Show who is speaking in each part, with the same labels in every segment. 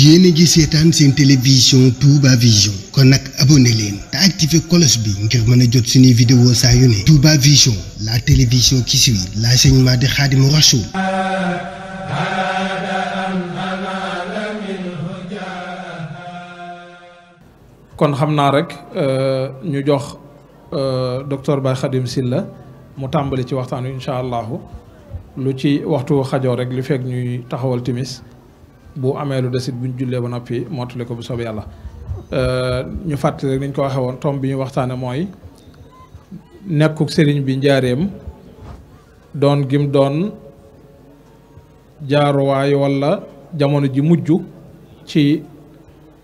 Speaker 1: yéen a ngi seetaan seen télévision Touba Vision kon nag abonné leen te activé cloche bi ngir mën a jot suñuy vidéo saa yu ne Touba Vision la télévision qui suit l'enseignement de Khadimou Rassoul kon xam naa rek euh, ñu jox euh, docteur Baye Khadim Silla mu tàmbali ci waxtaan wi incha allahu lu ci waxtu xajoo rek lu fekk ñuy taxawal timis bu amee lu desit buñ jullee ba noppi mottali ko bu soobee yàlla euh, ñu fàttali rek niñ ko waxee woon tomb bi ñu waxtaane mooy nekkuk sëriñ bi njaareem doon gim doon jaaruwaay walla jamono ji mujj ci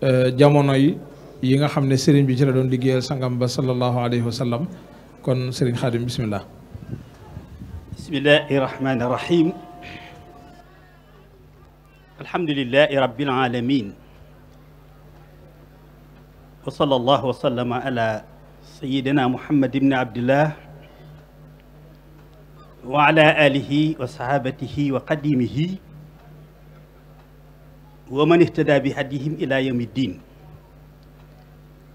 Speaker 1: euh, jamono yi yi nga xam ne sëriñ bi ci la doon liggéeyal sangam ba sallallahu alayhi wa kon sëriñ Xaadim bismillah bismillahi alhamdulilahi rabbil alamin wa sallallahu wa sallama ala sayidina muhammad ibni abdillah wa ala alihi wa sahabatihi wa qadimihi wa man ihtada bi hadihim ila yawmi ddin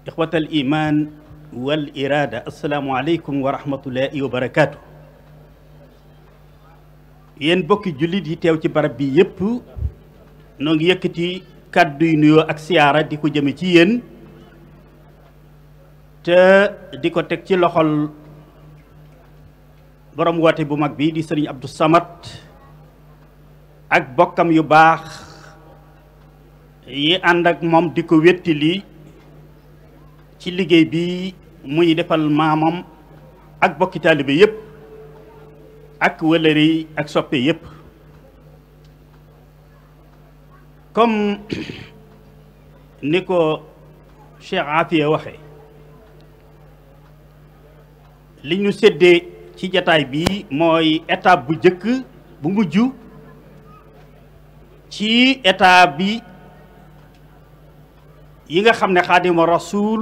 Speaker 1: ixwat al iman wal irada asalaamu aleykum wa rahmatullahi wa barakatuh yéen bokki jullit yi teew ci barab bi yépp noo ngi yëkkati kàdduy nuyoo ak siyaara di ko jëme ci yéen te di ko teg ci loxol boroom woote bu mag bi di sëriñ Abdou samat ak bokkam yu baax yi ànd ak moom di ko wéttili ci liggéey bi muy defal maamam ak bokki taalibe yépp ak wëlëri ak soppe yépp comme ni ko Cheikh Afia waxe li seddee ci jataay bi mooy étape bu njëkk bu mujj ci étape bi yi nga xam ne xaadima rasul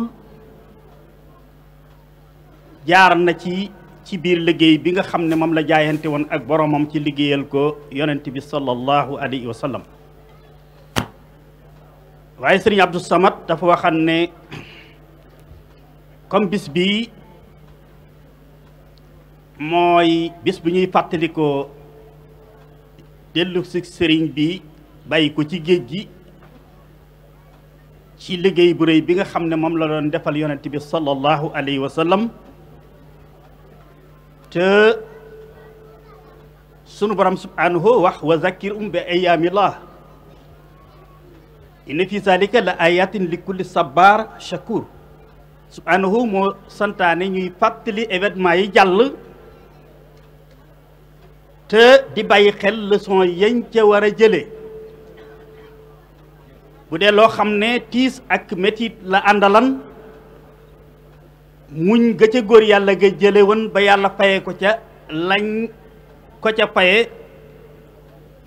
Speaker 1: jaar na ci ci biir liggéey bi nga xam ne moom la jaayante woon ak boromam ci liggéeyal ko yonent bi sallallahu alayhi wa sallam waay sëriñ Abdou Samad dafa waxan ne comme bis bii mooy bis bu ñuy fàttalikoo dellu si sëriñ bi bàyyi ko ci géej gi ci liggéey bu réy bi nga xam ne moom la loon defal yonent bi sallallahu alayhi wa sallam te sunu borom subhanahu wax wa zakir um bi ayaamillah inna fi zalika la ayatin li kulli sabar shakur subhanahu moo santaane ñuy fàttali événement yi jàll te di bàyyi xel leçon yañ ca war a jëlee bu dee loo xam ne tiis ak métit la àndalan muñ ga ca góor yàlla ga jële woon ba yàlla faye ko ca lañ ko ca faye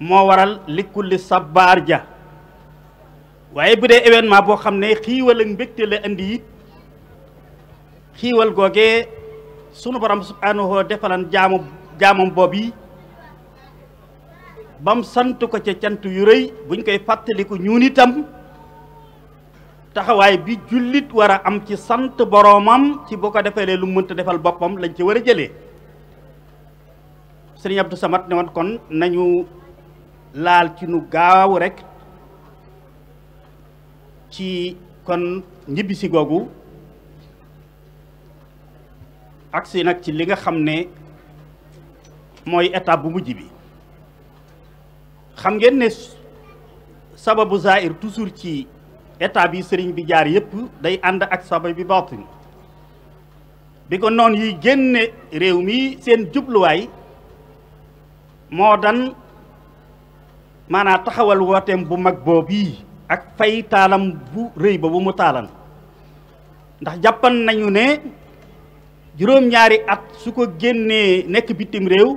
Speaker 1: moo waral li sabbaar ja waaye bu dee événement boo xam ne xiiwal ak mbégte la indi it xiiwal googee sunu borom subhaanahu defalan jaamu jaamam boob yi bam sant ko ca cant yu buñ koy fàttaliku ñun itam taxawaay bi jullit war a am ci sant boroomam ci boo ko defalee lu mënta defal boppam lañ ci war a jëlee sëriñ Abdou Samad ne woon kon nañu laal ci nu gaaw rekk ci kon ñibbisi googu agsi nag ci li nga xam ne mooy étape bu mujj bi xam ngeen ne sababu zaahir toujours ci étape bi sëriñ bi jaar yépp day ànd ak sabab bi baatin bi ko noon yi génne réew mi seen jubluwaay moo dan maanaa taxawal wooteem bu mag boobu yi ak fay taalam bu rëy ba bu mu taalan ndax jàppan nañu ne juróom-ñaari at su ko génnee nekk bitim réew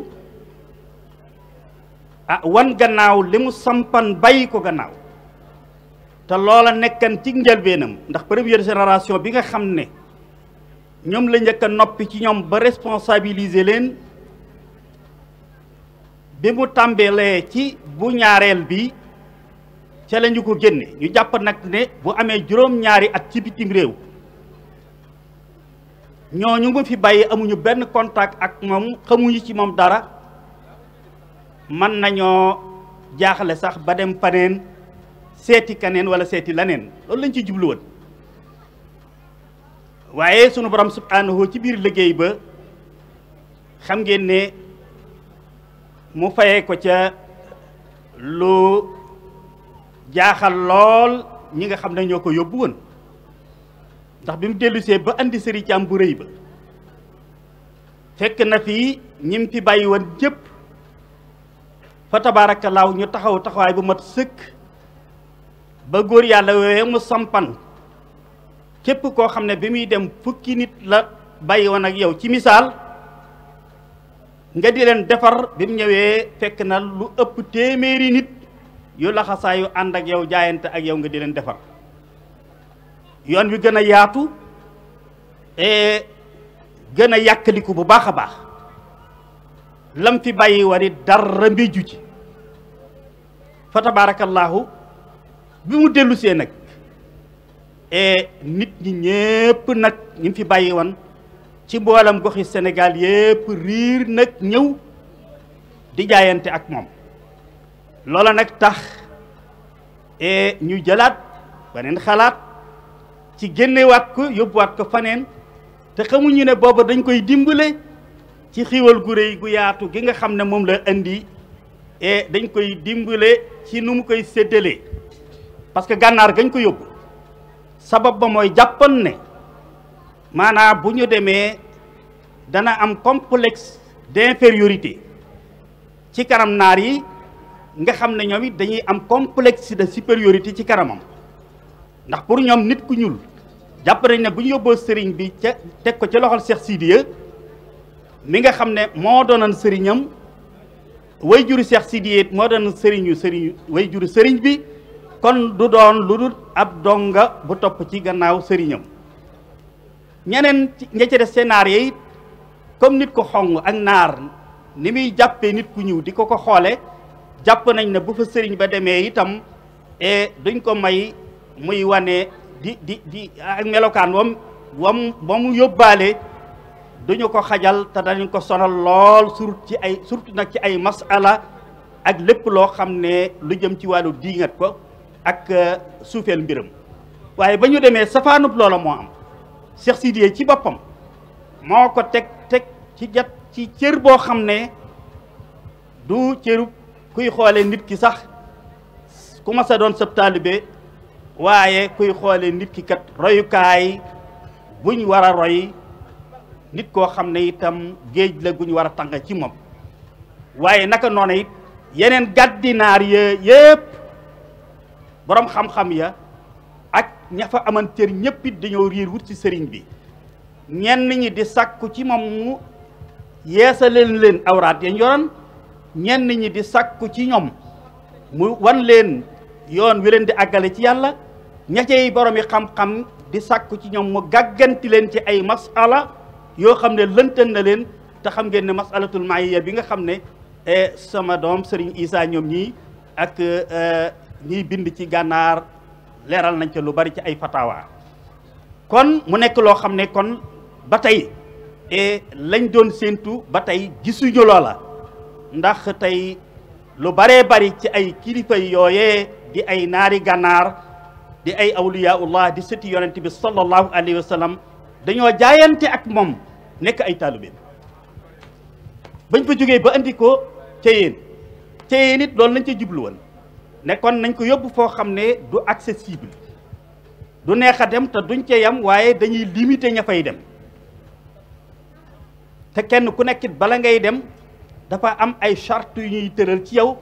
Speaker 1: ah wan gannaaw li mu sampan bàyyi ko gannaaw te loola nekkan ci njëlbeenam ndax première génération bi nga xam ne ñoom la njëkk a noppi ci ñoom ba responsabiliser leen bi mu tàmbalee ci bu ñaareel bi ca la ko génne ñu jàpp nag ne bu amee juróom-ñaari at ci bitim réew ñooñu mu fi bàyyi amuñu benn contact ak moom xamuñu ci moom dara mën nañoo jaaxle sax ba dem paneen seeti kaneen wala seeti laneen loolu lañ ci jubluwoon waaye sunu borom subhaanahu ci biir liggéey ba xam ngeen ne mu fayee ko ca lu jaaxal lool ñi nga xam ne ñoo ko yóbbu woon ndax bi mu dellusee ba indi sëriñ Caam bu rëy ba fekk na fi ñim fi bàyyi woon jëpp fa ñu taxaw taxawaay bu mat sëkk ba góor yàlla woowee mu sampan képp koo xam ne bi muy dem fukki nit la bàyyi woon ak yow ci misaal nga di leen defar bi mu ñëwee fekk na lu ëpp téeméeri nit yu laxasaayu ànd ak yow jaayante ak yow nga di leen defar yoon wi gën a yaatu gën a yàkkaliku bu baax a baax lam fi bàyyi wari dara mbéju ci fa tabaarakallaahu bi mu dellusee nag e nit ñi ñépp nag ñi fi bàyyi woon ci mboolam goxi Sénégal yépp riir nag ñëw di jaayante ak moom loola nag tax e ñu jëlaat beneen xalaat ci génnewaat ko yóbbuwaat ko faneen te xamuñu ne booba dañ koy dimbale ci xiiwal gu réy gu yaatu gi nga xam ne moom la indi e dañ koy dimbale ci nu mu koy séddalee parce que gànnaar gañ ko yóbbu sabab ba mooy jàppoon ne maanaa bu ñu demee dana am complexe d'infériorité ci kanam naar yi nga xam ne ñoom it dañuy am complexe de supériorité ci kanamam ndax pour ñoom nit ku ñuul jàpp nañ bu ñu yóbboo sëriñ bi ca teg ko ca loxol Cheikh Sidiya mi nga xam ne moo doonoon sëriñam way juri Cheikh Sidiya moo doon sëriñu sëriñu way juri sëriñ bi kon du doon lu dul ab donga bu topp ci gannaaw sëriñam ñeneen ña ca des scénario comme nit ku xong ak naar ni muy jàppee nit ku ñuul di ko ko xoole jàpp nañ ne bu fa sëriñ ba demee itam e duñ ko may muy wane di di di ak melokaan wam wam ba mu yóbbaale duñu ko xajal te dañ ko sonal lool surtout ci nag ci ay masala ak lépp loo xam ne lu jëm ci wàllu diingat ko ak e, suufeel mbiram waaye ba ñu demee safaanub loola moo am Cheikh Sidiye ci boppam moo ko teg teg ci jat ci cër boo xam ne du cërub kuy xoole nit ki sax ku ma sa doon sab taalibe waaye kuy xoole nit ki kat royukaay buñ war a roy nit koo xam ne itam géej la guñ war a tàng ci moom waaye naka noonu it yeneen gàddinaar ye yëpp boroom xam-xam ya ak ña fa aman cër ñëpp it dañoo riir wut ci sëriñ bi ñenn ñi di sàkku ci moom mu yeesaleen leen awraat yañ yoroon ñenn ñi di sàkku ci ñoom mu wan leen yoon wi leen di àggale ci yàlla ñacey borom yi xam-xam di sàkku ci ñoom mu gàgganti leen ci ay masala yoo xam ne lëntan na leen te xam ngeen ne masalatul maaya bi nga xam ne e, sama doom Serigne Issa ñoom ñii ak e, ñiy bind ci gànnaar leeral nañ ca lu bari ci ay fatawa kon mu nekk loo xam ne kon ba tey e, lañ doon séentu ba tey gisuñu loola ndax tey lu baree bari ci ay kilifa yooyee di ay naari gànnaar di ay awliyaullah di sëti yonent bi sallallahu alayhi wa sallam dañoo jaayante ak moom nekk ay taalibe bañ fa jógee ba andi ko ca yéen ca yéen it loolu lañ ca jublu nekkoon nañ ko yóbbu foo xam ne du accessible du neexa dem te duñ ca yem waaye dañuy limite ña fay dem te kenn ku nekkit bala ngay dem dafa am ay charte yu ñuy tëral ci yow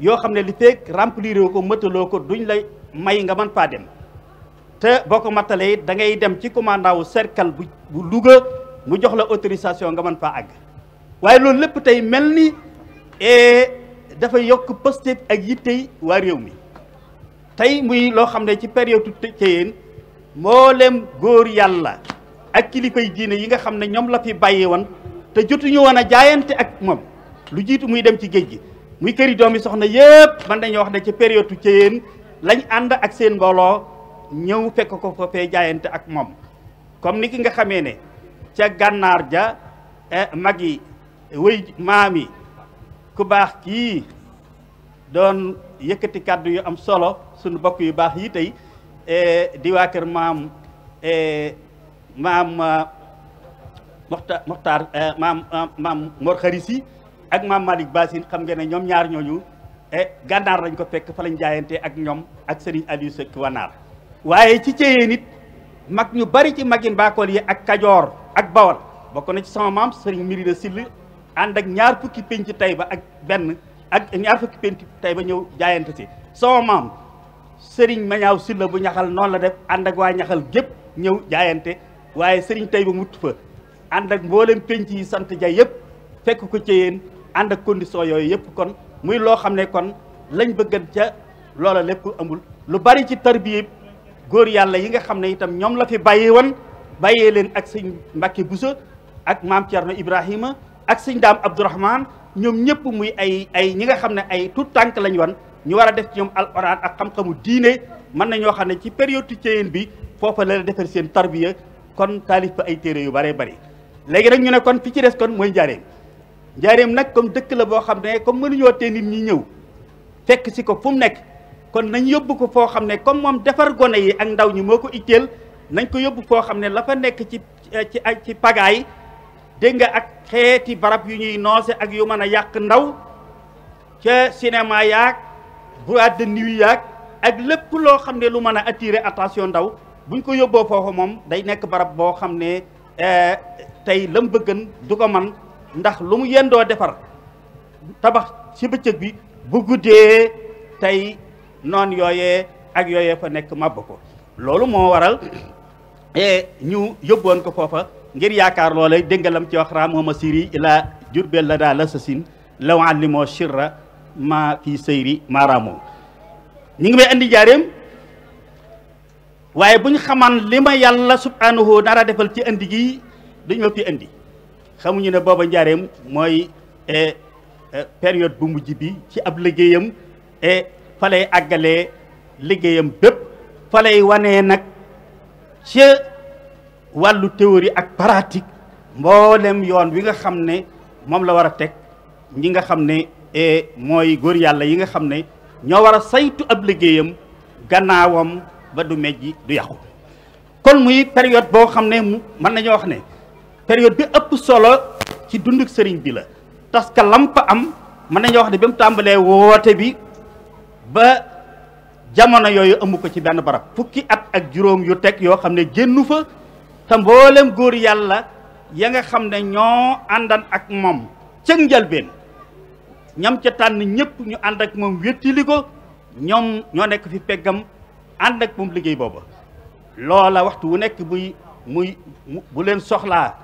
Speaker 1: yoo xam ne li feeg remplir ko mëtaloo ko duñ lay may nga man faa dem te boo ko mattalee it da ngay dem ci commandant wu cercle bu bu Louga mu jox la autorisation nga man faa àgg waaye loolu lépp tey mel ni eh, dafa yokk pëstéef ak yittey waa réew mi tey muy loo xam ne ci période ceyeen mboolem góor yàlla ak kilifay jiine yi nga xam ne ñoom la fi bàyyi woon te jotuñu woon a jaayante ak moom lu jiitu muy dem ci géej gi muy këri doomi soxna yëpp mën nañoo wax ne ci période tu ceyeen lañ ànd ak seen mbooloo ñëw fekk ko ko fee jaayante ak moom comme ni ki nga xamee ne ca gànnaar ja eh, mag yi wëy maam yi ku baax kii doon yëkkati kàddu yu am solo sunu bokk yu baax yi tey eh, di kër maam eh, maam moxta moxtaar maam maam ak maam Malick Bassine xam nga ne ñoom ñaar ñooñu eh, gànnaar lañ ko fekk fa lañ jaayante ak ñoom ak sëriñ Aliou Seck Wanaar waaye ci ceyeen nit mag ñu bari ci magin baakool yi ak Kajoor ak bawal bokk na ci sama maam Serigne Mirina ànd ak ñaar fukki penc Tayba ak benn ak ñaar fukki penc ñëw jaayante si sama maam Serigne Mañaaw Silla bu ñaxal noonu la def ànd ak waa ñaxal gépp ñëw jaayante waaye Serigne Tayba mut fa ànd ak mboolem penc yi sant ja yëpp fekk ko ceyeen ànd ak condition yooyu yëpp kon muy loo xam ne kon lañ bëggan ca loola lépp amul lu bari ci tarbiya góor yàlla yi nga xam ne itam ñoom la fi bàyyi woon bàyyee leen ak sëñ Mbacke Bousso ak maam Thierno Ibrahima ak sëñ Daam Abdourahman ñoom ñëpp muy ay ay ñi nga xam ne ay tout tànk lañu wan ñu war a def ci ñoom al alxuraan ak xam-xamu diine mën na ñoo xam ne ci période ticcéyeen bi foofu la defar seen tarbiya kon taalif ba ay téere yu bare bari léegi nag ñu ne kon fi ci des kon mooy njaareem njaareem nag comme dëkk la boo xam ne comme mënuñoo tee nit ñi ñëw fekk si ko fu nekk kon nañ yóbbu ko foo xam ne comme moom defar gone yi ak ndaw ñi moo ko itteel nañ ko yóbbu foo xam ne la fa nekk ci ci ci pagaay dégg nga ak xeeti barab yu ñuy noose ak yu mën a yàq ndaw ca cinéma yaag ak lépp loo xam ne lu mën a attirer attention ndaw buñ ko yóbboo foofu moom day nekk barab boo xam ne eh, tey lam bëggan du ko man ndax lu mu yendoo defar tabax ci bëccëg bi bu guddee tey noon yooye ak yooyee fa nekk màbb ko loolu moo waral eh, ñu yóbboon ko foofa ngir yaakaar loolay déngalam ci wax raamoma siri ila jurbel la daa la sa sin law allimoo shirra ma fii sëyri ma raamoo ñu ngi may indi jaareem waaye bu ñu xaman li ma yàlla subhanahu nara defal ci andi gi duñu fi andi xamuñu ne booba njaareem mooy e, e, période bu mujj bi ci ab liggéeyam e fa liggéeyam bépp fa lay wanee nag ci wàllu théorie ak pratique mboolem yoon wi nga xam ne moom la war a teg ñi nga xam ne e, mooy góor yàlla yi nga xam ne ñoo war a saytu ab liggéeyam gannaawam ba du mejji du yàqu kon muy période boo xam ne mën nañoo wax ne période bi ëpp solo ci dunduk sëriñ bi la parce que lam fa am mën nañu wax ne ba mu tàmbalee woote bi ba jamono yooyu ëmb ko ci benn barab fukki at ak juróom yu teg yoo xam ne génnu fa te mboolem góor yàlla ya nga xam ne ñoo àndan ak moom cëg njalbeen ñam ca tànn ñëpp ñu ànd ak moom wéttili ko ñoom ñoo nekk fi peggam ànd ak moom liggéey booba loola waxtu wu nekk buy muy bu leen soxlaa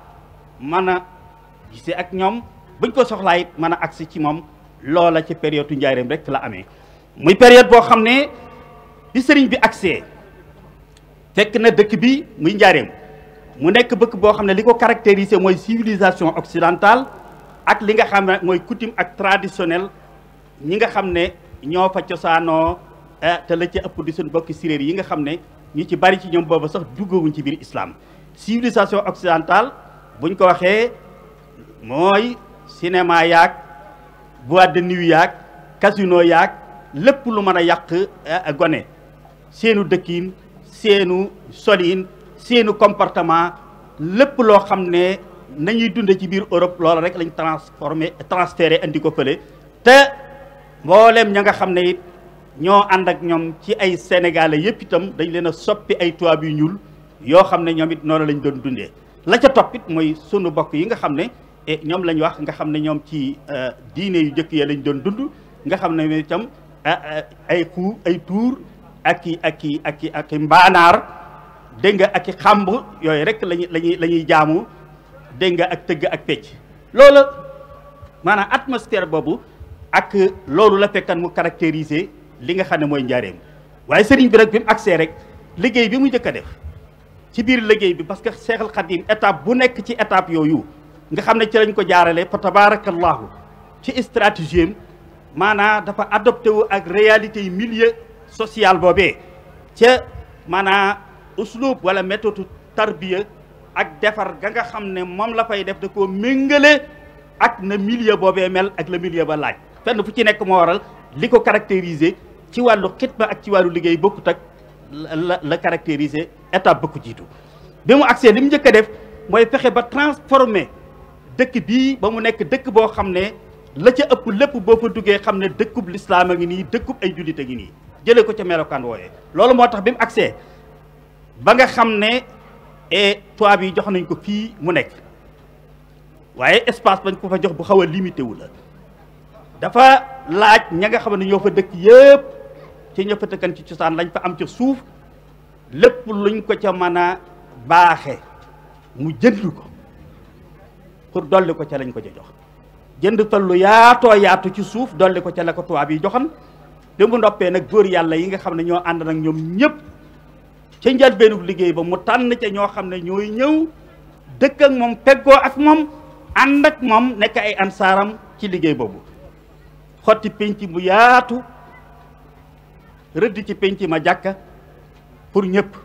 Speaker 1: mën a gisee ak ñoom buñ ko soxlaay it mën a agsi ci moom loola ci période u rek la amee muy période boo xam ne bi sëriñ bi agsee fekk na dëkk bi muy njaareem mu nekk bëkk boo xam ne li ko caractérisé mooy civilisation occidentale ak li nga xam ne mooy coutume ak traditionnel ñi nga xam ne ñoo fa cosaanoo eh, te la ci ëpp di suñu bokki séréer yi nga xam ne ñu ci bari ci ñoom booba sax duggawuñ ci biir islam civilisation occidentale buñ ko waxee mooy cinéma yaag boîte de nuit yaag casino yaag lépp lu mën a yàq eh, gone seenu dëkkiin seenu soliin seenu comportement lépp loo xam ne nañuy dunde ci biir Europe loola rek lañ transformé transféré andi ko fële te mboolem ña nga xam ne it ñoo ànd ak ñoom ci ay sénégalais yëpp itam dañ leen a soppi ay tubaab yu ñuul yoo xam ne ñoom it noonu lañ doon dundee la ca toppit mooy sunu bokk yi nga xam ne eh, ñoom lañ wax nga xam ne ñoom ci eh, diine yu jëkk ya lañ doon dund nga xam ne itam eh, ay xuu ay tuur ak i ak i ak i ak mbaanaar dégg nga ak i yooyu rek lañu lañuy la ñuy jaamu dégg nga ak tëgg ak pecc loola maanaam atmosphère boobu ak loolu la fekkan mu caractériser li nga xam ne mooy njaareem waaye sëriñ bi rek bi mu agsee rek liggéey bi mu njëkk a def ci biir liggéey bi parce que Cheikhul Khadim étape bu nekk ci étape yooyu nga xam ne ci lañ ko jaarale fa tabarakallahu ci stratégie maanaa dafa adopté wu ak réalité yi milieu social boobee ca maanaa uslub wala méthode tarbiya ak defar ga nga xam ne moom la fay def de ko méngale ak na milieu boobee mel ak la milieu ba laaj fenn fu ci nekk moo waral li ko caractériser ci wàllu xitma ak ci wàllu liggéey bokkut ak la la caractériser étape ba ko jiitu bi mu agsee li mu njëkk a def mooy fexe ba transformer dëkk bii ba mu nekk dëkk boo xam ne la ca ëpp lépp boo fa duggee xam ne dëkkub lislaam a ngi nii dëkkub ay jullit a ngi nii jëlee ko ca melokaan wooyee loolu moo tax bi mu agsee ba nga xam ne e tubaab jox nañ ko fii mu nekk waaye espace bañ ko fa jox bu xaw a limité wu la dafa laaj ña nga xam ne ñoo fa dëkk yëpp ci ña fa ci cosaan lañ fa am ci suuf lépp luñ ko ca mën a baaxe mu jënd ko pour dolli ko ca lañ ko ca jox jënd fa lu yaatoo yaatu ci suuf dolli ko ca la ko tubaab yi joxan bi mu noppee nag góor yàlla yi nga xam ne ñoo ànd nag ñoom ñëpp ca njëlbéenu liggéey ba mu tànn ca ñoo xam ne ñooy ñëw dëkk ak moom peggoo ak moom ànd moom nekk ay ansaaram ci liggéey boobu xotti pénc mu yaatu rëdd ci penc ma jàkka pour ñëpp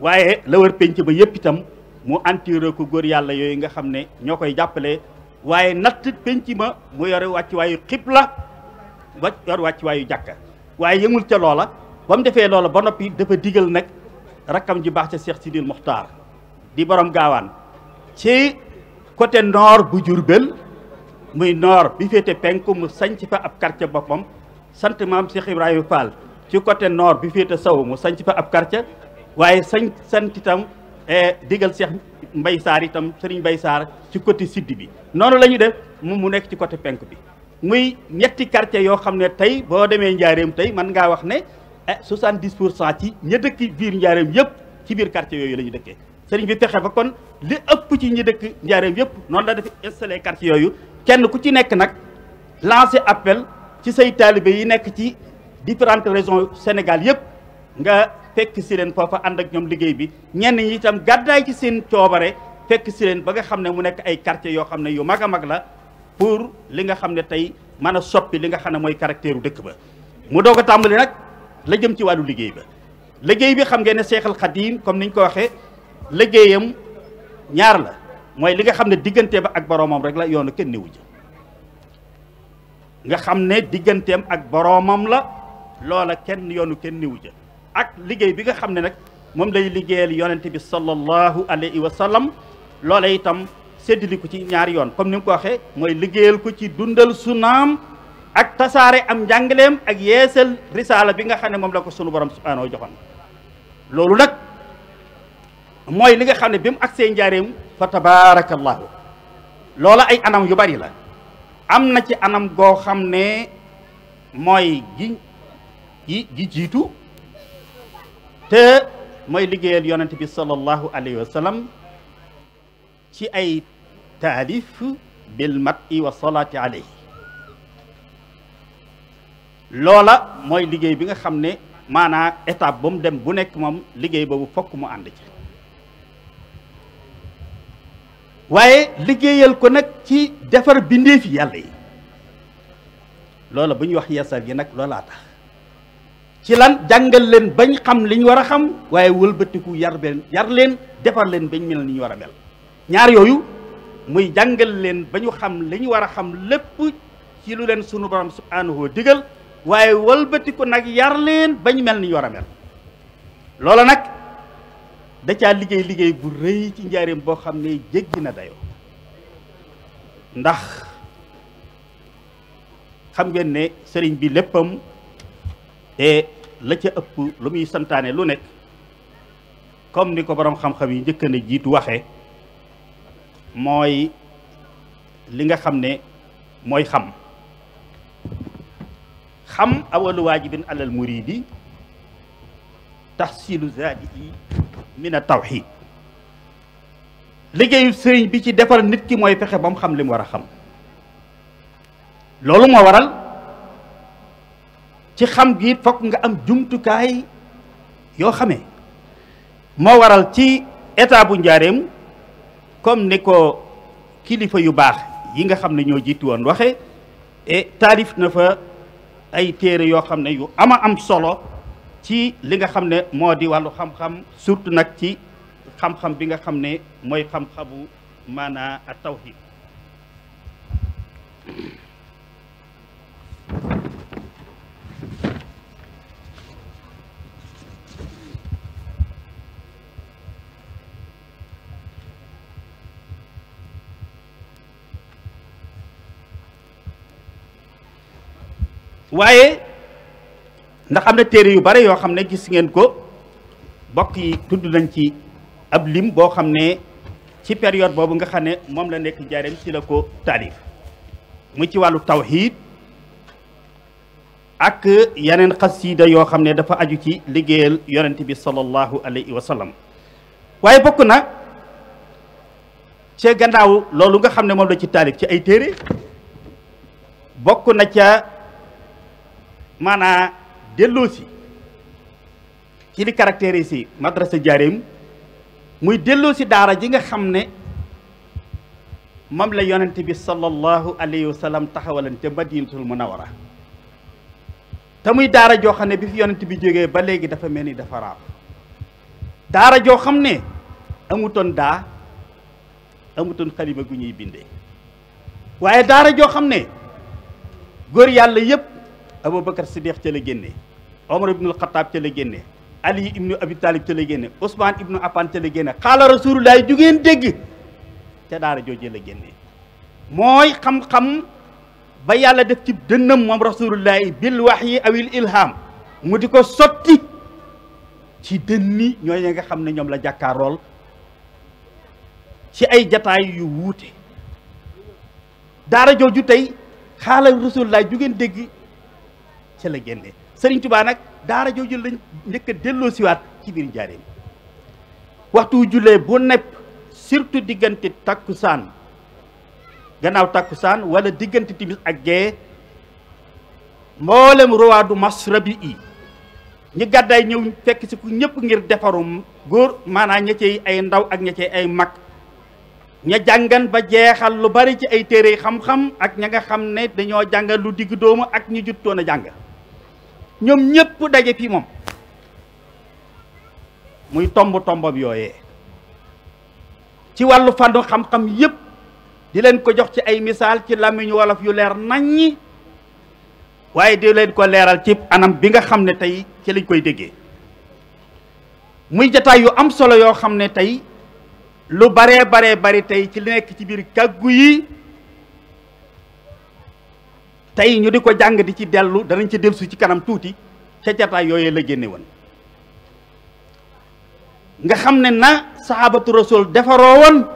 Speaker 1: waaye la wër penc ma yëpp itam mu antiré ko góor yàlla yooyu nga xam ne ñoo koy jàppale waaye natt penc ma mu yore wàcc wàccuwaayu xibla wa wàcc waayu jàkka waaye yëmul ca loola ba mu defee loola ba noppi dafa digal nag rakkam ji baax ca seex Cheikh Sidil Muxtaar di borom gaawaan ci côté nord bu Jurbel muy noor bi féete penku mu sanc fa ab quartier boppam sant maam Cheikh Ibrahima Fall ci côté nord bi te saw mu sanc fa ab quartier waaye sañ sant itam e digal Cheikh Mbay Saar itam Sëriñ Mbay Saar ci côté sud bi noonu la ñu def mu mu nekk ci côté penk bi muy ñetti quartier yoo xam ne tey boo demee Njaareem tey man ngaa wax ne eh, soixante-dix pour cent ci ña dëkk biir Njaareem yëpp ci biir quartier yooyu la ñu dëkkee sëriñ bi fexe ba kon li ëpp ci ñi dëkk Njaareem yëpp noonu la def installé quartier yooyu kenn ku ci nekk nag lancé appel ci say taalibe yi nekk ci différentes régions Sénégal yëpp nga fekk si leen foofa ànd ak ñoom liggéey bi ñenn ñi itam gàddaay ci seen coobare fekk si leen ba nga xam ne mu nekk ay quartiers yoo xam ne yu mag a mag la pour li nga xam ne tey mën a soppi li nga xam ne mooy caractère dëkk ba mu doog a tàmbali nag la jëm ci wàllu liggéey ba liggéey bi xam ngeen ne Seexal Xadiim comme niñ ko waxee liggéeyam ñaar la mooy li nga xam ne diggante ba ak boroomam rek la yoonu kenn newu ji nga xam ne digganteem ak boroomam la loola kenn yoonu kenn niwu ca ak liggéey bi nga xam ne nag moom lay liggéeyal yonente bi sallallahu alayhi wa sallam loola itam séddali ko ci ñaari yoon comme ni mu ko waxee mooy liggéeyal ko ci dundal sunaam ak tasaare am njàngaleem ak yeesal risaala bi nga xam ne moom la ko sunu borom subhaanahu joxoon loolu nag mooy li nga xam ne bi mu agsee njaareem fa tabaarakallaahu loola ay anam yu bari la am na ci anam goo xam ne mooy gi ji ji jiitu te mooy liggéeyal yonent bi sallallahu wa sallam ci ay taalif bil mati wa salaati alayhi loola mooy liggéey bi nga xam ne maanaa étape ba mu dem bu nekk moom liggéey boobu fokk mu ànd ci waaye liggéeyal ko nag ci defar bindeefi yàlla yi loola bu ñu wax yeesal gi nag loolaa ci lan jàngal leen bañ xam li ñu war a xam waaye wëlbatiku yar leen leen defar leen bañ mel ni ñu war a mel ñaar yooyu muy jàngal leen bañu xam li ñu war a xam lépp ci lu leen sunu borom subhaanahu digal waaye walbatiku nag yar leen bañ mel ni ñu war a mel loola nag da caa liggéey liggéey bu rëy ci njaareem boo xam ne jéggi na dayoo ndax xam ngeen ne sëriñ bi léppam la ca ëpp lu muy santaane lu nekk comme ni ko borom xam-xam yi njëkk na jiitu waxe mooy li nga xam ne mooy xam xam awalu waajibin alal muridi tahsilu zaadihi min at-tawhid liggéeyu sëriñ bi ci defar nit ki mooy fexe ba mu xam li mu war a xam loolu moo waral ci xam gi it fokk nga am jumtukaay yoo xamee moo waral ci état bu njaareem comme ni ko kilifa yu baax yi nga xam ne ñoo jiitu woon waxe e taalif na fa ay téere yoo xam ne yu ama am solo ci li nga xam ne moo di wàllu xam-xam surtout nag ci xam-xam bi nga xam ne mooy xam-xamu maanaa at tawhid waaye ndax am na téere yu bare yoo xam ne gis ngeen ko bokk yi tudd nañ ci ab lim boo xam ne ci période boobu nga xam ne moom la nekk jaareem ci la ko taalif mu ci wàllu tawxiid ak yeneen xasida yoo xam ne dafa aju ci liggéeyal yonent bi sallallahu alayhi wa waaye bokk na ca gannaaw loolu nga xam ne moom la ci taalif ci ay téere bokk na ca maanaa delloo si ci li caractère si madrasa jaareem muy delloo si daara ji nga xam ne mam la yonent bi sallallahu alayhi wa sallam taxawalan te a munawara te muy daara joo xam ne bi fi yonent bi jógee ba léegi dafa mel ni dafa raaf daara joo xam ne amutoon daa amutoon xalima gu ñuy bindee waaye daara joo xam ne góor yàlla yëpp Aboubacar Siddiq ca la génnee Omar ibnul Xataab ca la génnee Ali ibnu Abi Talib ca la génne Ousmane ibnu Affan ca la génne xaala rasulullah ju ngeen dégg ca daara joojee la génne mooy xam-xam ba yàlla def ci dënnam moom rasulullah bil wahyi awil ilham mu di ko sotti ci dënni ñooy nga xam ne ñoom la jàkkaarool ci ay jataay yu wuute daara jooju tey xaala rasulullah ju ngeen dégg ca la génnee Serigne Touba nag daara jooju lañ njëkk a delloo siwaat ci biir njaareem waxtu jullee bu nepp surtout diggante takku takkusaan gannaaw saan wala diggante timis ak gee mboolem ruwaadu masrabi yi ñi gàddaay ñëw fekk ci ku ñëpp ngir defaru góor maanaam ña cey ay ndaw ak ña cey ay mag ña jàngan ba jeexal lu bari ci ay téere xam-xam ak ña nga xam ne dañoo jàngal lu digg doomu ak ñu juttoon a jàng ñoom ñëpp daje fi moom muy tomb tombam yooyee ci wàllu fàndu xam-xam yëpp di leen ko jox ci ay misaal ci làmmiñu wolof yu leer naññi waaye di leen ko leeral ci anam bi nga xam ne tey ci lañ koy déggee muy jataay yu am solo yoo xam ne tey lu baree baree bari tey ci li nekk ci biir kàggu yi tey ñu di ko jàng di ci dellu danañ ci dellusi ci kanam tuuti ca jataay yooyee la génne woon nga xam ne na sahabatu rasul defaroo woon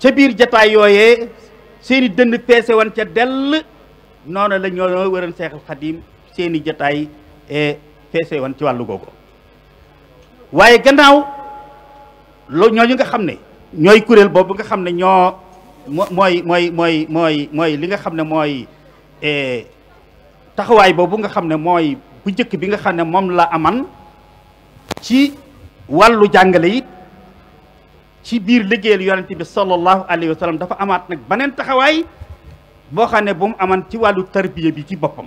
Speaker 1: ca biir jataay yooyee seeni dënd peese woon ca dell noonu la ñoo wëran seexal xadim seeni jataay eh, peese woon ci wàllu googu waaye gannaaw ñoo ñooñu nga xam ne ñooy kuréel boobu nga xam ne ñoo mooy mooy mooy mooy mooy li nga xam ne mooy eh, taxawaay boobu nga xam ne mooy bu njëkk bi nga xam ne moom la aman ci wàllu jàngale yi ci biir liggéeyal yonente bi sallallahu alayhi wa sallam dafa amaat nag beneen taxawaay boo xam ne bu mu amaan ci wàllu tarbiya bi ci boppam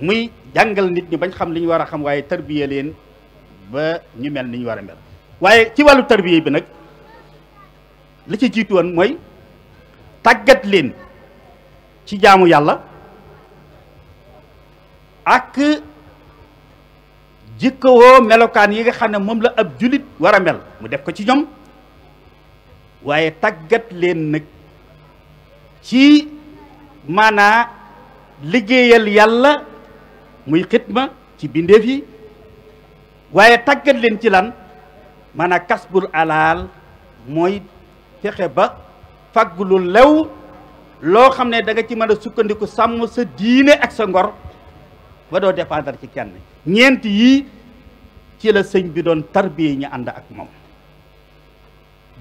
Speaker 1: muy jàngal nit ñi bañ xam li ñu war a xam waaye tarbiya leen ba ñu mel ni war a mel waaye ci wàllu tarbiya bi nag la ci jiitu mooy tàggat leen ci jaamu yàlla ak jikkowoo melokaan yi nga xam ne moom la ab julit war a mel mu def ko ci ñoom waaye tàggat leen nag ci maanaa liggéeyal yàlla muy xitma ci bindeef yi waaye tàggat leen ci lan maanaa kasbul alaal mooy fexe ba fagg lu lew loo xam ne danga ci mën a sukkandiku sàmm sa diine ak sa ngor ba doo dépendre ci kenn ñeent yii ci la sëñ bi doon tarbiye ñu ànd ak moom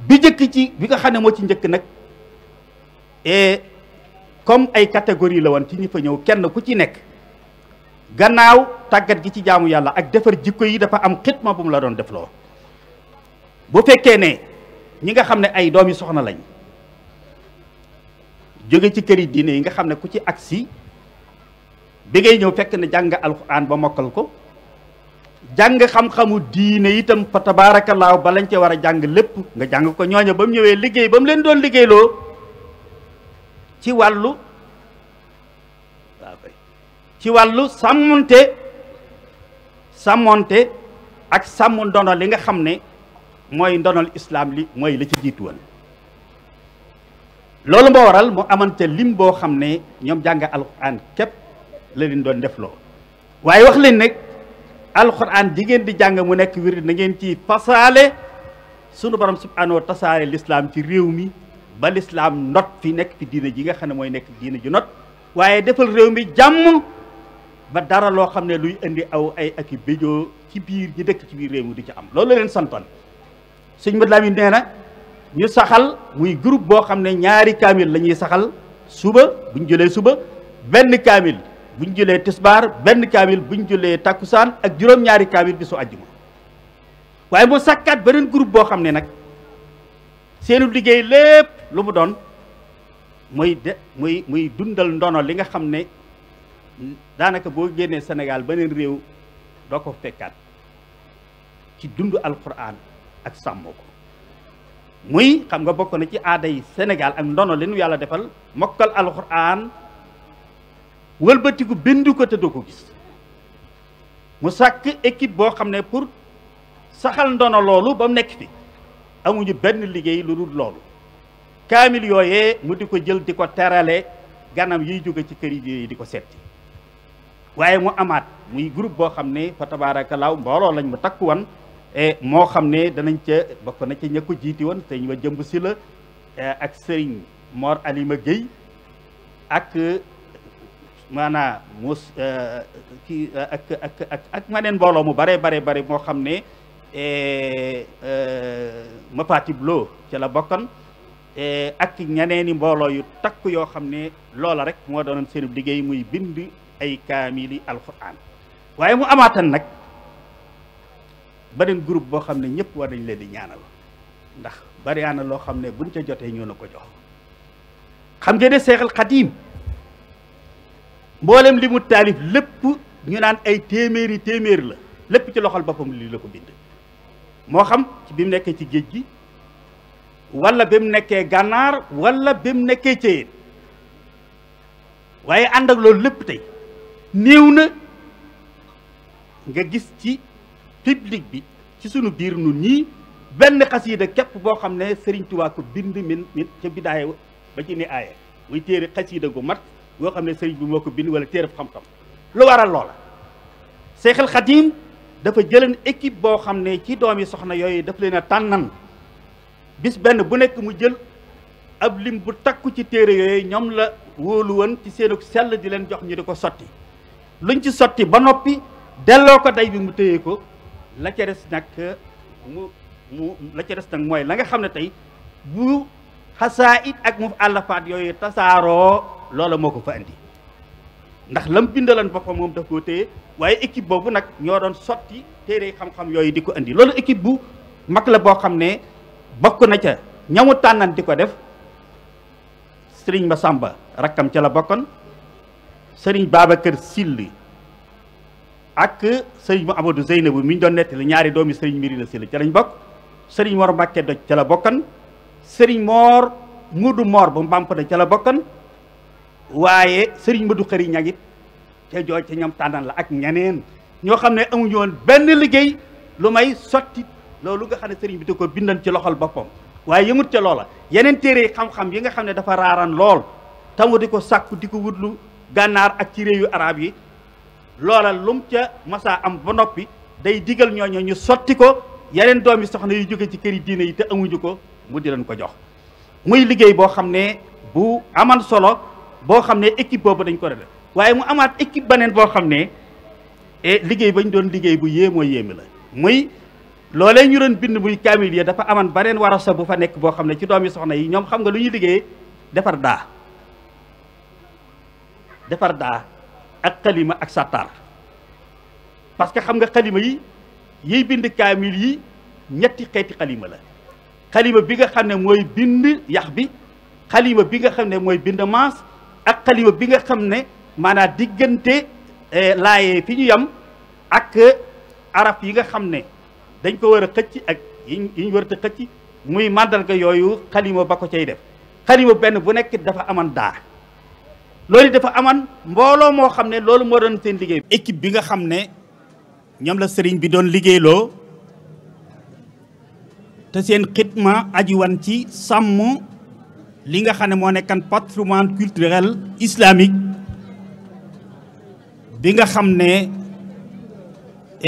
Speaker 1: bi njëkk ci bi nga xam ne moo ci njëkk nag et comme ay catégorie la woon ci ñu fa ñëw kenn ku ci nekk gannaaw tàggat gi ci jaamu yàlla ak defar jikko yi dafa am xitma bu mu la doon defloo bu fekkee ne ñi nga xam ne ay doom doomi soxna lañ jóge ci këri diine yi nga xam ne ku ci agsi bi ngay ñëw fekk na jàng alxuraan ba mokkal ko jàng xam-xamu diine itam fa tabaarakallaahu ba lañ ci war a jàng lépp nga jàng ko ñooña ba mu ñëwee liggéey ba mu leen doon liggéeyloo ci wàllu ci wàllu sàmmonte sàmmoonte ak sàmm ndono li nga xam ne mooy ndonal islaam li mooy la ci jiitu woon loolu moo waral mu amante lim boo xam ne ñoom jàng alxuraan képp la leen doon def loo waaye wax leen nag alxuraan ji ngeen di jàng mu nekk wirid na ngeen ci tasaale sunu borom subhaanahu wa tasaare lislaam ci réew mi ba lislaam ndot fi nekk fi diina ji nga xam ne mooy nekk diina ji not waaye defal réew mi jàmm ba dara loo xam ne luy indi aw ay ak i ci biir ñi dëkk ci biir réew mi du ci am loolu leen santoon sëñ Mate Lamine nee na ñu saxal muy groupe boo xam ne ñaari kaamil lañuy saxal suba bu ñu jëlee suba benn kaamil buñ ñu jëlee tisbaar benn kaamil bu ñu jëlee takkusaan ak juróom-ñaari kaamil bi su àjjuma waaye mu sàkkaat beneen groupe boo xam ne nag seenu liggéey lépp lu mu doon muy de muy muy dundal ndono li nga xam ne daanaka boo génnee Sénégal beneen réew doo ko fekkaat ci dund alquran ak sàmm ko muy xam nga bokk na ci aada yi Sénégal ak ndono li yàlla defal mokkal alxuraan wëlbatiku bind ko te doo ko gis mu sàkk équipe boo xam ne pour saxal ndono loolu ba mu nekk fi amuñu benn liggéey lu dul loolu kaamil yooyee mu di ko jël di ko terale ganam yiy jóge ci kër yi di ko setti waaye mu amaat muy groupe boo xam ne fa tabaarakallaaw mbooloo lañ mu takkuwan moo xam ne danañ ca bokk na ca ña ko jiiti woon sëñ ma jëmb si la eh, ak sëriñ Mor Alima Guèye ak maanaam mos eh, kii eh, ak ak ak mbooloo mu bare bare bare moo xam ne Mapatib Lo ca la bokkan ak ñeneeni mbooloo yu takk yoo xam ne loola rek moo doonoon seen liggéey muy bind ay kaamili alquran waaye mu amaatan nag beneen groupe boo xam ne ñëpp war nañ leen di ñaanal ndax bari na loo xam ne buñ ca jotee ñoo na ko jox xam ngeen ne Seexal Xadiim mboolem li mu taalif lépp ñu naan ay téeméeri téeméer la lépp ci loxol boppam lii la ko bind moo xam ci bi mu nekkee ci géej gi wala bi mu nekkee gànnaar walla bi mu nekkee céyeen waaye ànd ak loolu lépp tey néew na nga gis ci public bi ci sunu biir nun ñii benn xasiida képp boo xam ne Serigne Touba ko bind min min ca bidaaya ba ci ni aaye muy téere xasiida gu mat boo xam ne Serigne bi moo ko bind wala téere xam-xam lu waral loola Seexal Xadiim dafa jëlan équipe boo xam ne ci doomi soxna yooyu daf leen a tànnan bis benn bu nekk mu jël ab lim bu takku ci téere yooyu ñoom la wóolu ci seen sell di leen jox ñu di ko sotti luñ ci sotti ba noppi delloo ko day bi mu téye ko la ca des nag euh, mu mu la ca des nag mooy la nga xam ne tey bu it ak mu àllafaat yooyu tasaaroo loola moo ko fa andi ndax lam bindalan boppam moom daf koo téye waaye équipe boobu nag ñoo doon sotti téere xam-xam yooyu di ko indi loolu équipe bu mag la boo xam ne bokk na ca ñamu tànnan di ko def sëriñ Masamba rakkam ca la bokkoon sëriñ Babacar Sill ak sëriñ mu Amadou Zeynabu mi ñu doon nettali ñaari doomi sëriñ Mirina Sylla ca lañ bokk sëriñ Mor Mbàkke doj ca la bokkan sëriñ Mor Mudu Mor bu mbàmp na ca la bokkan waaye sëriñ Madu Xëri ñagit ca jooj ca ñoom tànnan la ak ñeneen ñoo xam ne amuñu woon benn liggéey lu may sotti loolu nga xam ne sëriñ bi da ko bindan ci loxol boppam waaye yëmut ca loola yeneen téere xam-xam yi nga xam ne dafa raaran lool tamu di ko sàkku di ko wutlu gànnaar ak ci réewu arab yi loola lum ca masaa am ba noppi day digal ñooñu ñu sotti ko yeneen doomi soxna yu jóge ci kër këri diine yi te amuñu ko mu di leen ko jox muy liggéey boo xam ne bu aman solo boo xam ne équipe boobu dañ ko def waaye mu amaat équipe beneen boo xam ne eh, liggéey bañ doon liggéey bu yéemoo yéeme la muy loolee ñu doon bind muy kaamil yi dafa aman beneen warasa bu fa nekk boo xam ne ci doomi soxna yi ñoom xam nga lu ñuy liggéey defar daa defar daa ak xalima ak sàttaar parce que xam nga xalima yi yiy bind kaamil yi ñetti xeeti xalima la xalima bi nga xam ne mooy bind yax bi xalima bi nga xam ne mooy bind maas ak xalima bi nga xam ne maanaam diggante eh, laayee fi ñu yam ak arab yi nga xam ne dañ ko war a xëcc ak yi ñu war a xëcc muy màndarga yooyu xalima ba ko cey def xalima benn bu nekk dafa aman daa loolu dafa aman mbooloo moo xam ne loolu moo doon seen liggéey équipe bi nga xam ne ñoom la sëriñ bi doon liggéeyloo te seen xitma ajiwan ci sàmm li nga xam ne moo nekkan patrimoine culturel islamique bi nga xam ne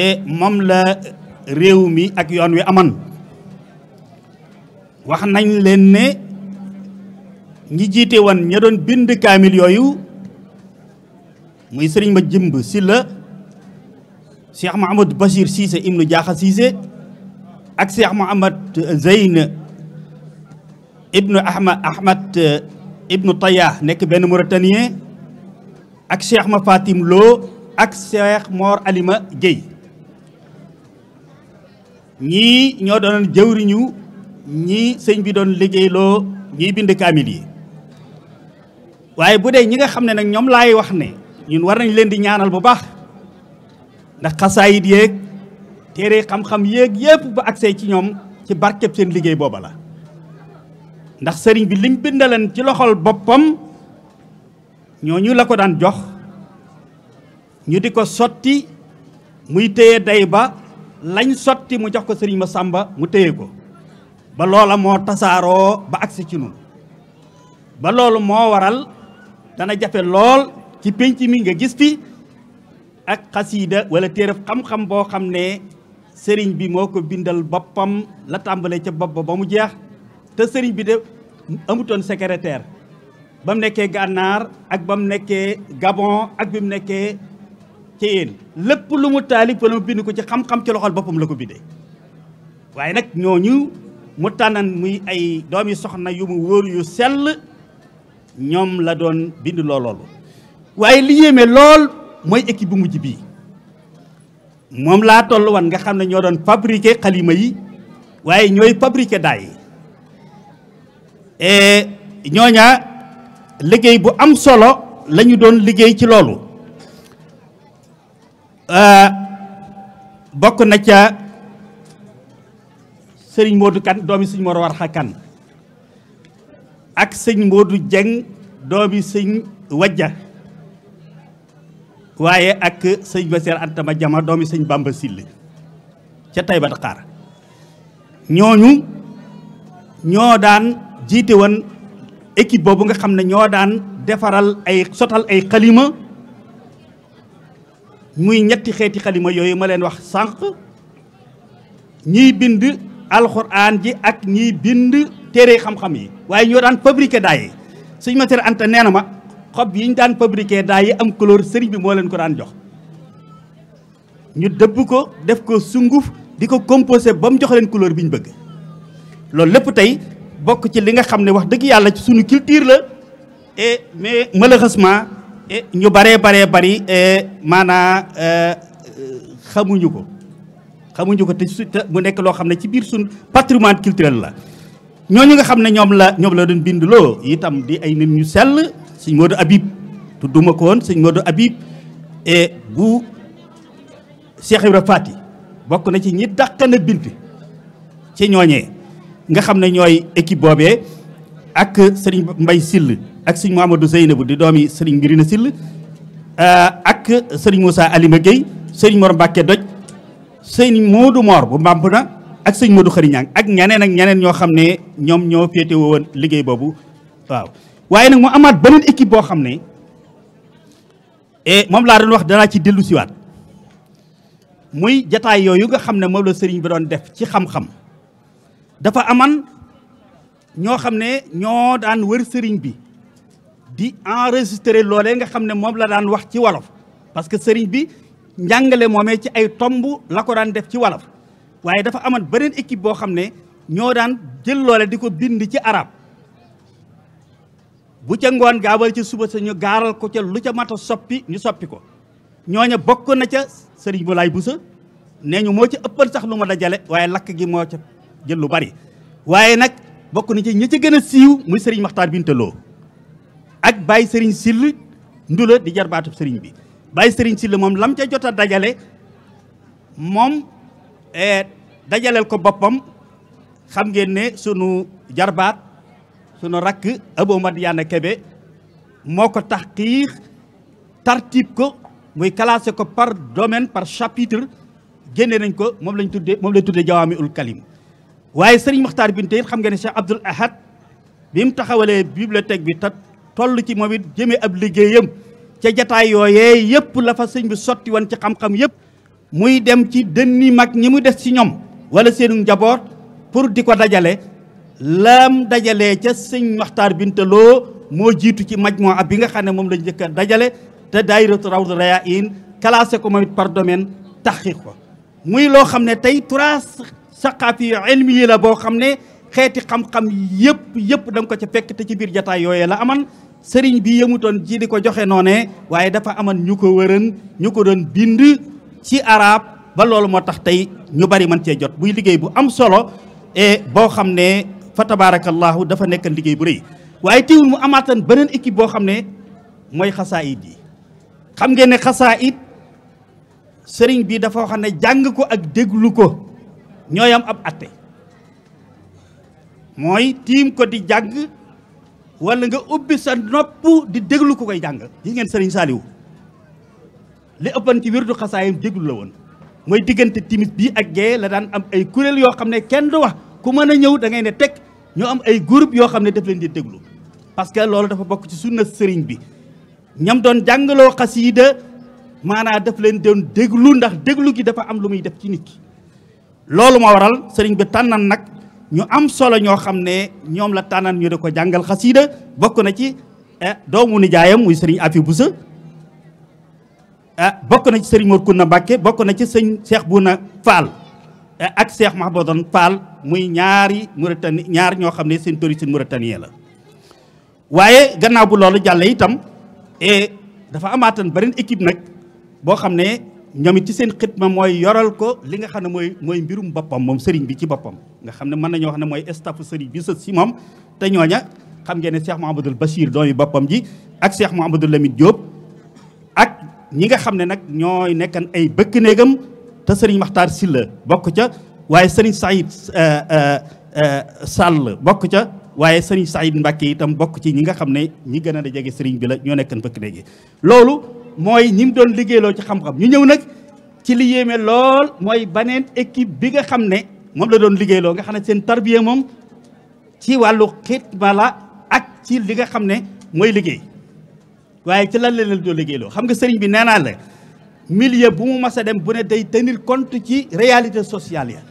Speaker 1: eh, moom la réew mi ak yoon wi aman wax nañ leen ne ñi jiite woon ña doon bind kaamil yooyu muy sëriñ ma jëmb si la cheikh mahamad bachir siise ibnu jaaxa siise ak cheikh mahamad zeyn ibnu ahmad ahmad ibnu taya nekk benn mauritanien ak cheikh ma fatim loo ak cheikh moor alima gueye ñii ñoo doon jëwriñu ñi sëñ bi doon liggéeyloo ñiy bind kaamil yi waaye bu dee ñi nga xam ne nag ñoom laay wax ne ñun war nañ leen di ñaanal bu baax ndax xasaayit yéeg téere xam-xam yéeg yépp ba agsee ci ñoom ci barkeb seen liggéey booba la ndax sëriñ bi lim bindaleen ci loxol boppam ñoo ñu la ko daan jox ñu di ko sotti muy téye day ba lañ sotti mu jox ko sëriñ ma sàmba mu téye ko ba loola moo tasaaroo ba agsi ci nun ba loolu moo waral dana jafe lool ci pénc mi nga gis fi ak xasiida wala téeref xam-xam boo xam ne sëriñ bi moo ko bindal boppam la tàmbalee ca bopp ba mu jeex te sëriñ bi de amutoon secrétaire ba mu nekkee gànnaar ak ba mu nekkee gabon ak bi mu nekkee ci yéen lépp lu mu taalif wala mu bind ko ci xam-xam ci loxol boppam la ko bindee waaye nag ñooñu mu tànnan muy ay doomi soxna yu mu wóor yu sell ñoom la doon bind looloolu waaye li yéeme lool mooy équipe bu mujj bi moom laa toll wan nga xam ne ñoo doon fabriqué xalima yi waaye ñooy fabriqué daay e, ñooña liggéey bu am solo lañu doon liggéey ci loolu e, bokk na ca sëriñ du Kane doomi suñu Mor Warxa Kane ak sëñ Modou Dieng doomi sëñ Wajja waaye ak sëñ Bassir Antama Jama doomi sëñ Bamba Sill ca Taïba Dakar ñooñu ñoo daan jiite woon équipe boobu nga xam ne ñoo daan defaral ay sotal ay xalima muy ñetti xeeti xalima yooyu ma leen wax sànq ñiy bind alxuraan ji ak ñiy bind téere xam-xam yi waaye ñoo daan fabriqué daa yi suñu ma sëriñ Anta nee na ma xob yi ñu daan fabriqué daa yi am couleur sëriñ bi moo leen ko daan jox ñu dëbb ko def ko sunguf di ko composé ba mu jox leen couleur bi ñu bëgg loolu lépp tey bokk ci li nga xam ne wax dëgg yàlla ci suñu culture la mais malheureusement ñu baree baree bari maanaa euh, xamuñu ko xamuñu ko te su mu nekk loo xam ne ci biir suñu patrimoine culturel la ñooñu nga xam ne ñoom la ñoom la doon bindloo itam di ay nit ñu sell sëñ Modou Habib tudduma ko woon sëñ Modou Habib et bu Cheikh Ibra bokk na ci ñi dàqana bind ci ñooñee nga xam ne ñooy équipe boobee ak sëriñ Mbay Sill ak sëñ Mouhamadou Zeynabu di doomi sëriñ Ngirina Sill e, ak sëriñ Moussa Alima Gueye sëriñ Mor Mbacke Doj sëriñ Modou Mor ak sëñ Modou Khary Niang ak ñaneen ak ñaneen ñoo xam ne ñoom ñoo féete woon liggéey boobu waaw waaye nag mu amaat beneen équipe boo xam ne eh, moom laa doon wax danaa ci dellu siwaat jataay yooyu nga xam ne moom la sëriñ bi doon def ci xam dafa aman ñoo xam ne ñoo daan wër sëriñ bi di enregistré loole nga xam ne moom la daan wax ci wolof parce que sëriñ bi njàngale moomee ci ay tomb la ko daan def ci wolof waaye dafa amoon beneen équipe boo xam ne ñoo daan jël loole di ko bind ci arab bu ca ngoon gaa wala ca suba sa ñu gaaral ko ca lu ca mat soppi ñu soppi ko ñooña bokk na ca sëriñ bu laay busa nee ñu moo ca ëppal sax lu ma dajale waaye lakk gi moo ca jël lu bari waaye nag bokk na ci ñi ca gën a siiw muy sëriñ maxtaar bintaloo ak bàyyi sëriñ sill ndula di jarbaatu sëriñ bi baay sëriñ sill moom lam ca jot a dajale moom Eh, dajaleel ko boppam xam ngeen ne sunu jarbaat sunu rakk Abou Madiane kebe moo ko tax xiir tartib ko muy classé ko par domaine par chapitre génne nañ ko moom lañ tuddee moom lañ tuddee jawaami ul kalim waaye sëriñ Maxtaar Binte it xam ngeen ne Cheikh Abdoul Ahad bi mu taxawalee bibliothèque bi te toll ci moom it jëmee ab liggéeyam ca jataay yooyee yëpp la fa sëñ bi sotti woon ci xam-xam yëpp muy dem ci dënni mag ñi mu des ci ñoom wala seenu njaboot pour di ko dajale lam dajale ca sëñ Maxtaar Binta loo moo jiitu ci maj moo ab bi nga xam ne moom lañ njëkk a dajale te raw Rawdu Rayaahiin classé ko moom it par domaine taxqiq ko muy loo xam ne tey trois saqaafi yu yi la boo xam ne xeeti xam-xam yëpp yëpp da ko ca fekk te ci biir jataay yooye la aman sëriñ bi yëmutoon ji di ko joxe noone waaye dafa aman ñu ko wëran ñu ko doon bind ci arab ba loolu moo tax tey ñu bari mën cee jot buy liggéey bu am solo e boo xam ne fa tabarakallahu dafa nekk liggéey bu rëy waaye teewul mu amaatan beneen équipe boo xam ne mooy xasaayid yi xam ngeen ne xasaa it sëriñ bi dafa xam ne jàng ko ak déglu ko ñooy am ab atte mooy tiim ko di jàng wala nga ubbi sa nopp di déglu ko koy jàng gis ngeen sëriñ Saaliwu li ëppan ci wirdu xasaayam déglu la woon mooy diggante timis bii ak la daan am ay kuréel yoo xam ne kenn du wax ku mën a ñëw da ngay ne teg ñu am ay groupe yoo xam ne daf leen di déglu parce que loolu dafa bokk ci sunna sëriñ bi ñam doon jàngaloo xasiida maanaa daf leen doon déglu ndax déglu gi dafa am lu muy def ci nit ki loolu moo waral sëriñ bi tànnan nag ñu am solo ñoo xam ne ñoom la tànnan ñu di ko jàngal xasiida bokk na ci eh, doomu nijaayam muy sëriñ Afi Busa Eh, bokk na ci sëriñ Mor na Mbàkke bokk na ci sëñ bu na Fall eh, ak Cheikh Mahmoudane Fall muy ñaari Mauritanie ñaar ñoo xam ne seen d'origine mauritanien la waaye gannaaw bu loolu jàlle itam e dafa amaatan beneen équipe nag boo xam ne ñoom it ci seen ma mooy yoral ko li nga xam ne mooy mooy mbirum boppam moom sëriñ bi ci boppam nga xam ne mën nañoo wax ne mooy staffu sëriñ bi sës si moom te ñooña xam ngeen ne Cheikh Mouhamadul Bachir doomi boppam ji ak Cheikh Mouhamadul Lamine Diop ñi nga xam ne nag ñooy nekkan ay bëkk néegam te sëriñ Maxtaar Silla bokk ca waaye sëriñ Saïd euh, euh, euh, Sall bokk ca waaye sëriñ Saïd Mbàkke itam bokk ci ñi nga xam ne ñi gën a da jege sëriñ bi la ñoo nekkan bëkk néegi loolu mooy ñi mu doon liggéeyloo ci xam-xam ñu ñëw nag ci li lool mooy baneen équipe bi nga xam ne moom la doon liggéeyloo nga xam ne seen tarbiya moom ci wàllu xitma la ak ci li nga xam ne mooy liggéey waaye ci lan la leen doo liggéeyloo xam nga sëriñ bi nee naa la milieu bu mu mas dem bu ne day tenir compte ci réalité sociale ya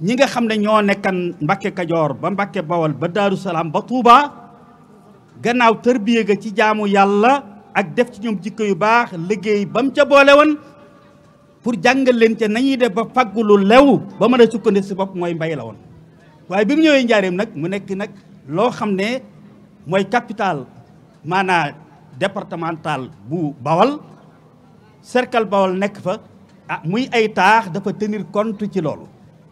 Speaker 1: ñi nga xam ne ñoo nekkan mbakke Kajoor ba Mbàkke Bawol ba Daaru Salaam ba Tuubaa gannaaw tërbiye ga ci jaamu yàlla ak def ci ñoom jikko yu baax liggéey ba mu ca boole woon pour jàngal leen ca nañuy def ba faggulu lew ba mën a sukkandi si bopp mooy mbay la woon waaye bi mu ñëwee njaareem nag mu nekk nag loo xam ne mooy capital maanaa départemental bu Bawal serkal Bawal nekk fa ah muy ay taax dafa tenir compte ci loolu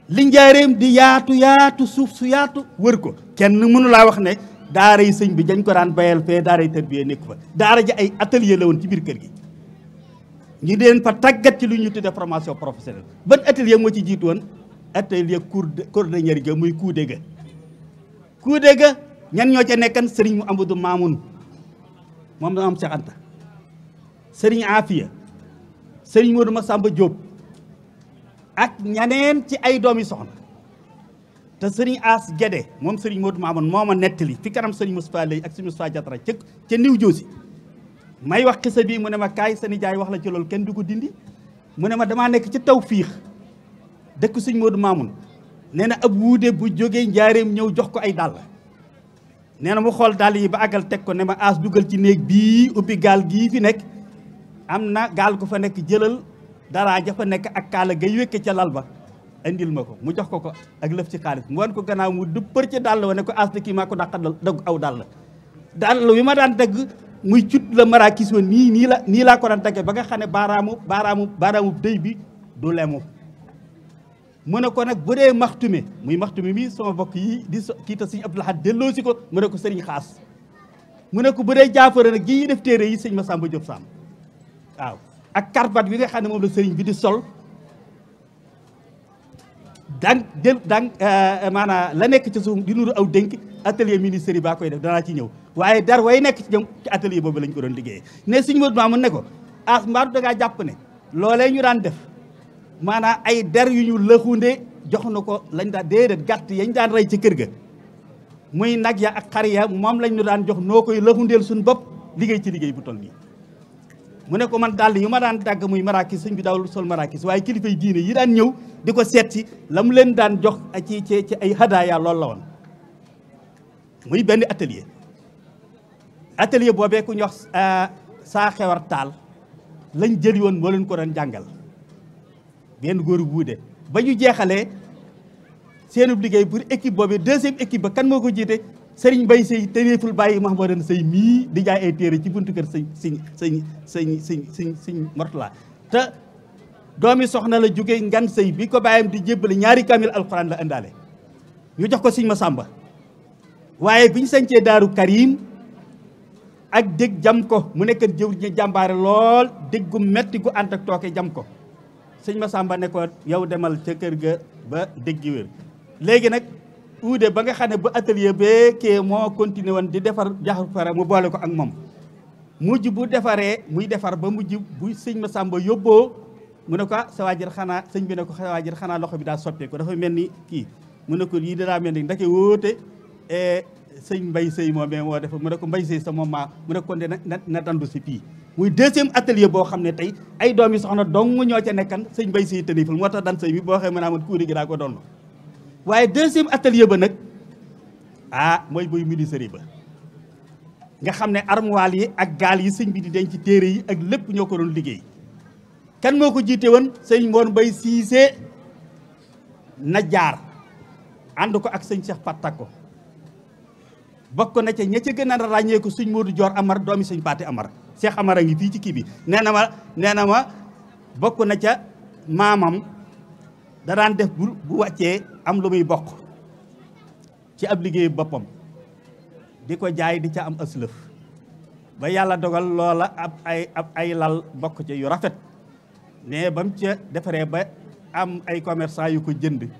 Speaker 1: li njaareem di yaatu yaatu suuf su yaatu wër ko kenn mënu laa wax ne daara sëñ bi dañ ko daan bayal fee daara yi tarbiyee nekk fa daara ji ay atelier la woon ci biir kër gi ñu deen fa tàggat ci lu ñu tudde formation professionnelle ban atelier moo ci jiitu woon atelier cordonnier ga muy Coudé ga Coudé ga ñan ñoo ca nekkan sëriñ mu Amadou Mamoun moom la am Cheikh Anta sëriñ moo sëriñ ma Massamba Diop ak ñaneen ci ay doom doomi soxna te sëriñ As Guédé moom sëriñ Modou Mamoun moo ma nettali fi kanam sëriñ Moustapha Lay ak sëriñ Moustapha Diatara ca ca New Jersey may wax xisa bii mu ne ma kaay sa nijaay wax la ci loolu kenn du ko dindi mu ne ma damaa nekk ci taw fiix dëkk sëriñ Modou Mamoun nee na ab wuude bu jógee njaareem ñëw jox ko ay dàll nee na mu xool dàll yi ba àggal teg ko ne ma aas dugal ci néeg bii ubbi gaal gii fi nekk am na gaal ko fa nekk jëlal dara ja fa nekk ak kaala gay wékke ca lal ba indil ma ko mu jox ko ko ak lëf ci xaalis mu wan ko gannaaw mu dëppër ci dàll wa ne ko aas na kii maa ko dàqa dagg aw dàll dàll wi ma daan dagg muy cut la maraa kis wa nii nii la nii laa ko daan daggee ba nga xam ne baaraamu baaraamu baaraamu dëy bi du lemu mu ne ko nag bu dee maxtume muy maxtume mii sama bokk yi di kii ta sëñ Abdou Lahad delloo si ko mu ne ko sëriñ xaas mu ne ko bu dee jaafara nag gi def téere yi sëñ Massamba Diop Samb waaw ak karbat bi nga xam ne moom la sëriñ bi di sol dang jël dang euh, euh, maanaam la nekk ci suuf di nuru aw dénk atelier ministère yi baa koy def danaa ñëw waaye dar way nekk ci ñoom ci atelier boobu lañ ko doon liggéeyee ne sëñ Modou Mamoun ne nekko as ah, mbaatu da jàpp ne loolee ñu daan def maanaam ay der yu ñu lëxunde jox na ko lañ daan déedéet gàtt yañ daan rey ci kër ga muy nag ya ak xar ya moom lañ ñu daan jox noo koy lëxundeel suñu bopp liggéey ci liggéey bu toll nii mu ne ko man dàll yu ma daan dagg muy marakis suñ bi dawul sol marakis waaye kilifa yi diine yi daan ñëw di ko seet si la mu leen daan jox ci ci ci ay hadaaya lool la woon muy benn atelier atelier boobee ku ñox euh, saa xewar taal lañ jëli woon moo leen ko doon jàngal benn góor bu wuute ba ñu jeexalee seenub liggéey pour équipe boobu deuxième équipe ba kan moo ko jiite sëriñ Mbay Sëy teneeful bàyyi Mahamadan Sëy mii di jaay ay téere ci buntu kër sëñ sëñ sëñ sëñ sëñ sëñ sëñ Mortala te doomi soxna la jóge ngan sëy bi ko bàyyam di jébbale ñaari kamil alquran la indaale ñu jox ko sëñ sàmba waaye bi ñu sañcee daaru Karim ak dégg jam ko mu nekk jëw ñi jàmbaare lool déggu metti gu ànt ak tooke jam ko sëñ ma ne nekkoon yow demal ca kër ga ba déggi wér léegi nag uude ba nga xam ne bu atelier bee kee moo continué wan di defar jaxu fara mu boole ko ak moom mujj bu defaree muy defar ba mu mujj bu sëñ Masamba yóbboo mu ne ko ah sa waajir xanaa sëñ bi ne ko sa xanaa loxo bi daa ko dafa mel ni kii mu ne ko yii danaa mel ni ndake wóote eh, sëñ mbay sëy moom mais moo def mu ne ko mbay sëy sa mu ne ko de na na dandu si pii muy deuxième atelier boo xam ne tey ay doom yi soxna dong ñoo ca nekkan sëñ bay siy tënifal moo tax dan sëy bi boo waxee mën a amat kuuri gi daa ko doon waaye deuxième atelier ba nag ah mooy buy menuiserie ba nga xam ne armoire yi ak gaal yi sëñ bi di denc téere yi ak lépp ñoo ko doon liggéey kenn moo ko jiite woon sëñ Mor Mbay Siise na jaar ànd ko ak sëñ Cheikh Patak ko bokk na ca ña ca gën a ràññeeku suñ Modou Dior Amar doomi suñ Paate Amar Cheikh Amar a ngi fii ci kii bi nee na ma nee na ma bokk na ca maamam da daan def bu bu wàccee am lu muy bokk ci ab liggéey boppam di ko jaay di ca am aslëf ba yàlla dogal loola ab ay ab lal bokk ca yu rafet mais bam ca defaree ba am ay commerçant yu ko jënd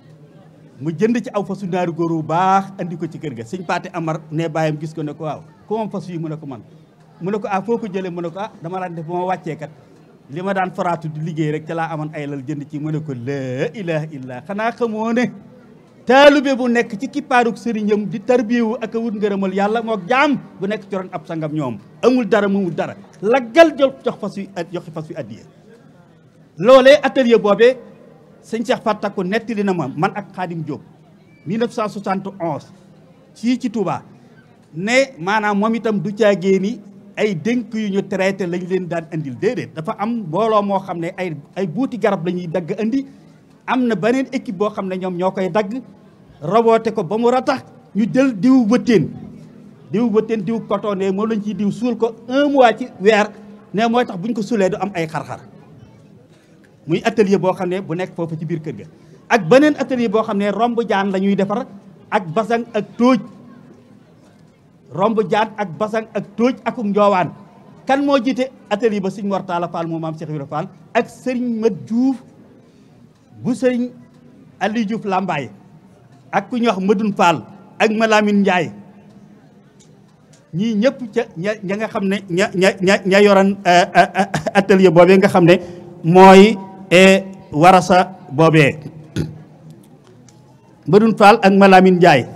Speaker 1: mu jënd ci aw fasu naaru góor bu baax andi ko ci kër ga sëñ Paate Amar ne baayam gis ko ne ko waaw ko moom fas yi mu ne ko man mu ne ko ah foo ko jëlee mu ne ko ah, dama daan def ba ma wàccee kat li ma daan faraatu di liggéey rek ca laa amoon ay lal jënd ci mu ne ko laa ilaha illa xanaa xamoo ne taalube bu nekk ci kippaaruk sëriñam di tarbiyewu ak a wut ngërëmal yàlla mook jaam bu nekk coroon ab sangam ñoom amul dara mu dara laggal jox fas wi jox fas wi addiya loolee atelier boobee sëñ Cheikh Fatakko nettali na ma man ak Khadim Diop 1971 ci ci Touba ne maanaam moom itam du caagee ni ay dénk yu ñu traité lañu leen daan andil déedéet dafa am mbooloo moo xam ne ay ay buuti garab la ñuy dagg andi am na beneen équipe boo xam ne ñoom ñoo koy dagg roboote ko ba mu ratax ñu jël diw bëtteen diw bëtteen diw coton ne moom lañ ciy diw suul ko un mois ci weer ne mooy tax buñ ko suulee du am ay xar-xar muy atelier boo xam ne bu nekk foofu ci biir kër ga ak beneen atelier boo xam ne romb jaan la ñuy defar ak basang ak tóoj romb jaan ak basang ak tóoj akum njoowaan kan moo jiite atelier ba siñ Mortala Fall moo maam Cheikh Ibra Fall ak sëriñ Mat Diouf bu sëriñ Aliou Diouf Lambaye ak ku ñuy wax Madoun Fall ak Malamine Ndiaye ñii ñëpp ca ña ña nga xam ne ña ña ña ña yoroon euh, euh, euh, atelier boobee nga xam ne mooy e warasa boobee Mbadun Fall ak Malamine Ndiaye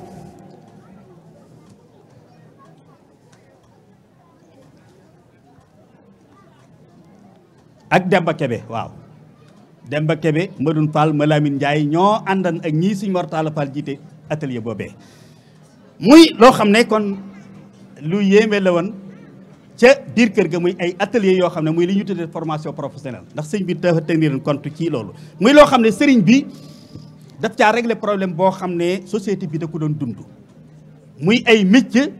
Speaker 1: ak Demba Kebe waaw Demba Kebe Mbadun Fall Malamine Ndiaye ñoo àndan ak ñii Sëñ Mor Talla Fall jiite atelier boobee muy loo xam ne kon lu yéeme la ca biir kër ga muy ay atelier yoo xam ne muy li ñu tuddee formation professionnelle ndax sëñ bi dafa tenir compte ci loolu muy loo xam ne sëriñ bi daf caa régler problème boo xam ne société bi da ko doon dund muy ay métier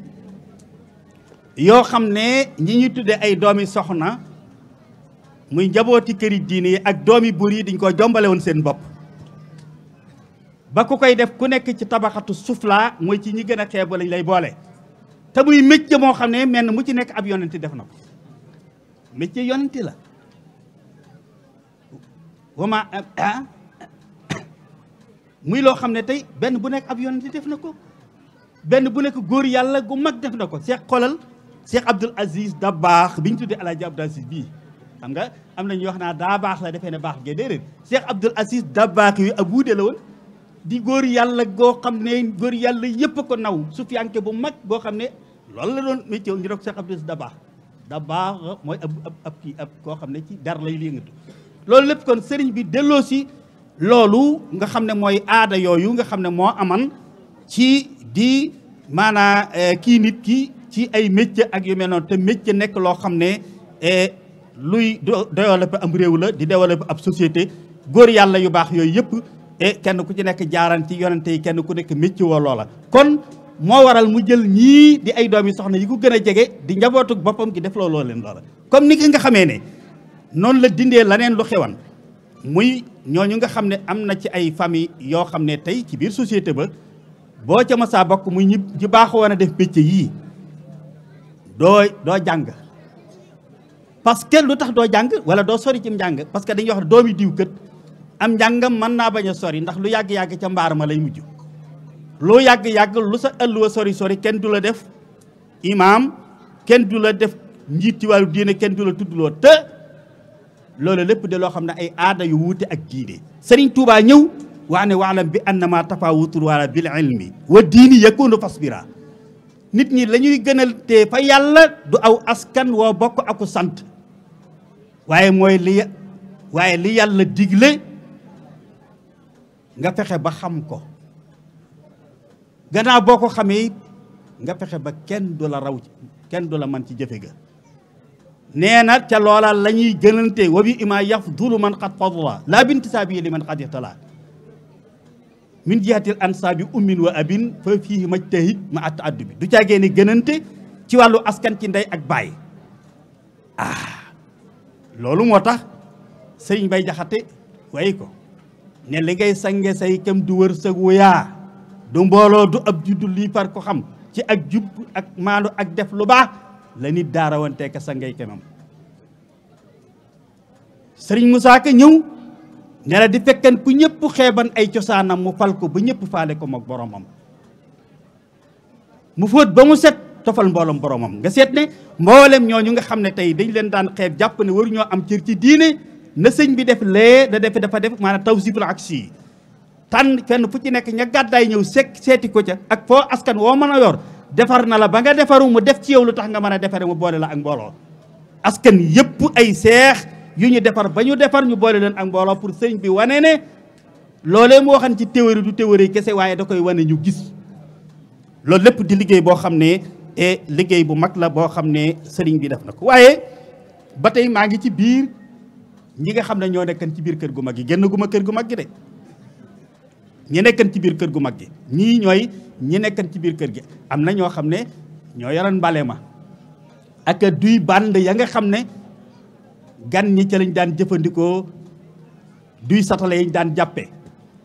Speaker 1: yoo xam ne ñi ñuy tuddee ay doomi soxna muy njabooti këri diine yi ak doomi buur yi dañ ko jombale woon seen bopp ba ku koy def ku nekk ci tabaxatu suuflaa mooy ci ñi gën a xeebu lañ lay boole te muy métier moo xam ne mel na mu ci nekk ab yonente def na ko métier yonente la wama ah, ah, muy loo xam ne tey benn bu nekk ab yonente def na ko benn bu nekk góor yàlla gu mag def na ko Cheikh xoolal Cheikh Abdoul Aziz da baax bi ñu tuddee Alaaji Abdoul Aziz bii xam nga am na ñu wax naa daa baax la defee ne baax gee déedéet Cheikh Abdoul Aziz da baax yooyu ab wuude la woon di góor yàlla goo xam ne góor yàlla yëpp a naw naw sufiyanke bu mag boo xam ne loolu la doon métier ñu doog Cheikh Abdou da baax da baax mooy ab ab kii ab koo xam ne ci dara lay yëngatu loolu lépp kon sëriñ bi delloo si loolu nga xam ne mooy aada yooyu nga xam ne moo aman ci di maanaa eh, kii nit ki ci ay métier ak yu mel noonu te métier nekk loo xam ne eh, luy développé am réew la di développé ab société góor yàlla yu baax yooyu yëpp E kenn ku ci nekk jaaraan ci yonente yi kenn ku nekk mécc woo loola kon moo waral mu jël ñii di ay doom yi soxna yi ko gën a jege di njabootuk boppam gi def looloo leen loola comme ki nga xamee ne noonu la dindee laneen lu xewan muy ñooñu nga xam ne am na ci ay famille yoo xam ne tey ci biir société ba boo ca masaa bokk muy ñi ñi baaxoo woon a def métier yii doo doo jàng parce que lu tax doo jàng wala doo sori ci jàng parce que dañuy wax doomi diw kët am njàngam man naa bañ a sori ndax lu yàgg-yàgg ca mbaar ma lay mujj loo yàgg-yàgg lu sa ëlluwa sori sori kenn du la def imaam kenn du la def njiit ci wàllu diine kenn du la tuddloo te loolu lépp de loo xam ne ay aada yu wuute ak diine Serigne Touba ñëw waa ne waalam bi annama tafawutul wala bil ilmi wa diini yakunu fasbira nit ñi lañuy ñuy gënal te fa yàlla du aw askan woo bokk aku sant waaye mooy li waaye li yàlla digle nga fexe ba xam ko gannaaw boo ko xamee nga fexe ba kenn du la raw kenn du la man ci jëfe ga nee na ca loola lañuy ñuy gënante wa bi ima yafdulu man xat fadla laa bintisaabi li man xat ixtala min jihatil ansaabi ummin wa abin fa fiihi majtahid ma at addu bi du caagee ne gënante ci wàllu askan ci ndey ak baay ah loolu moo tax sëriñ bay jaxate way ko ne li ngay sange say kem du wërsëg wu yaa du mbooloo du ab juddu lii far ko xam ci ak jub ak maandu ak def lu baax la nit daarawante ka sangay kemam sëriñ Moussa Ka ñëw ne di fekkan ku ñëpp xeeban ay cosaanam mu fal ko ba ñëpp faale ko moog boromam mu fóot ba mu set tofal mbooloom boromam nga seet ne mboolem ñu nga xam ne tey dañ leen daan xeeb jàpp ne ñoo am cër ci diine na sëñ bi def lee da def dafa def maanaam ak aksi tànn fenn fu ci nekk ña gàddaay ñëw sekk seeti ko ca ak foo askan woo mën a yor defar na la ba nga defaru mu def ci yow lu tax nga mën a defaree mu boole la ak mbooloo askan yëpp ay seex yu ñu defar ba ñu defar boole leen ak mbooloo pour sëñ bi wane ne loole moo xam ci théorie du théorie kese waaye da koy wane ñu gis loolu lépp di liggéey boo xam ne eh, liggéey bu mag la boo xam ne sëriñ bi def na ko waaye ba maa ngi ci biir ñi nga xam ne ñoo nekkan ci biir kër gu mag gi génn gu ma kër gu mag gi de ñi nekkan ci biir kër gu mag gi ñii ñooy ñi nekkan ci biir kër gi am na ñoo xam ne ñoo yaran mbale ma ak duy band ya nga xam ne gan ñi ca lañ daan jëfandikoo duy satale yañ daan jàppee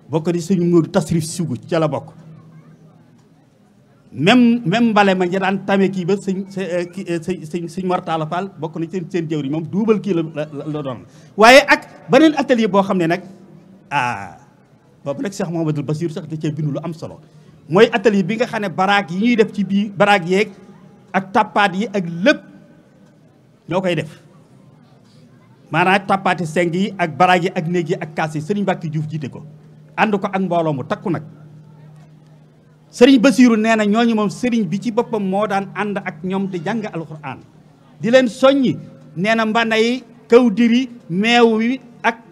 Speaker 1: bokk di suñu nguur tasrif sugu ca la bokk même même mbale ma ña daan tame kii ba euh, euh, sëñ sëñ sëñ Mortala Fall bokk na seen seen jëwriñ moom duubal kii la la doon waaye ak beneen atelier boo xam ne nag ah boobu moom Cheikh Mouhamadul Basir sax da cee bindu lu am solo mooy atelier bi nga xam ne baraag yi ñuy def ci biir baraag yeeg ak tappaat yi ak lépp ñoo koy def maanaam tappaati seng yi ak baraag yi ak néeg yi ak kaas yi sëriñ Mbàkke Juuf jiite ko ànd ko ak mbooloo mu takku nag sëriñ Basiiru nee na ñooñu moom sëriñ bi ci boppam moo daan ànd ak ñoom di jàng alxuraan di leen soññi nee na mbana yi kaw diri ak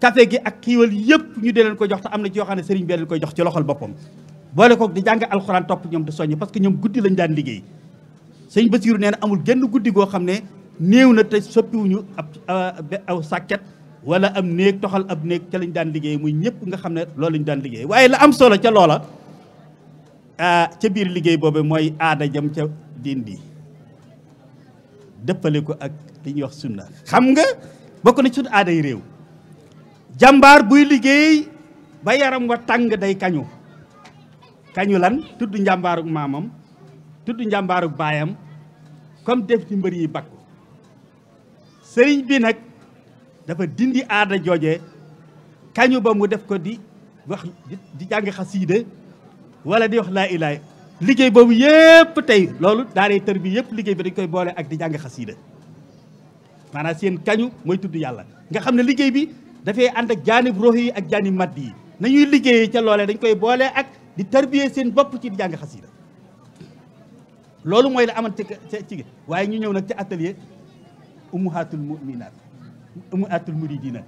Speaker 1: café gi ak xiiwal yëpp ñu dee leen ko jox te am na ci yoo xam ne sëriñ bi leen koy jox ci loxol boppam boole koog di jàng alxuraan topp ñoom di soññi parce que ñoom guddi lañ daan liggéey sëriñ Basiiru nee na amul genn guddi goo xam ne néew na te soppiwuñu ab euh, aw sàkket wala am néeg toxal ab néeg ca lañ daan liggéey muy ñëpp nga xam ne loolu lañ daan liggéey waaye la am solo ca loola Euh, ca biir liggéey boobu mooy aada jam ca dindi dëppale ko ak li ñuy wax sunna xam nga bokk na ci sunu aaday réew jàmbaar buy liggéey ba yaram wa tàng day kañu kañu lan tudd njàmbaaruk maamam tudd njàmbaaruk baayam comme def ci mbër yi bakku sëriñ bi nag dafa dindi aada jooje kañu ba mu def ko di wax di jàng xasiida wala di wax laa ilaay liggéey boobu yëpp tey loolu daaree tër bi yëpp liggéey bi dañ koy boole ak di jàng xasiida maanaa seen kañu mooy tudd yàlla nga xam ne liggéey bi dafay ànd ak jaanib rox yi ak jaanib madd yi nañuy liggéeyee ca loolee dañ koy boole ak di seen bopp ci di jàng xasiida loolu mooy la amoon ci waaye ñu ñëw nag ci atelier ummahatul muminat ummahatul muridina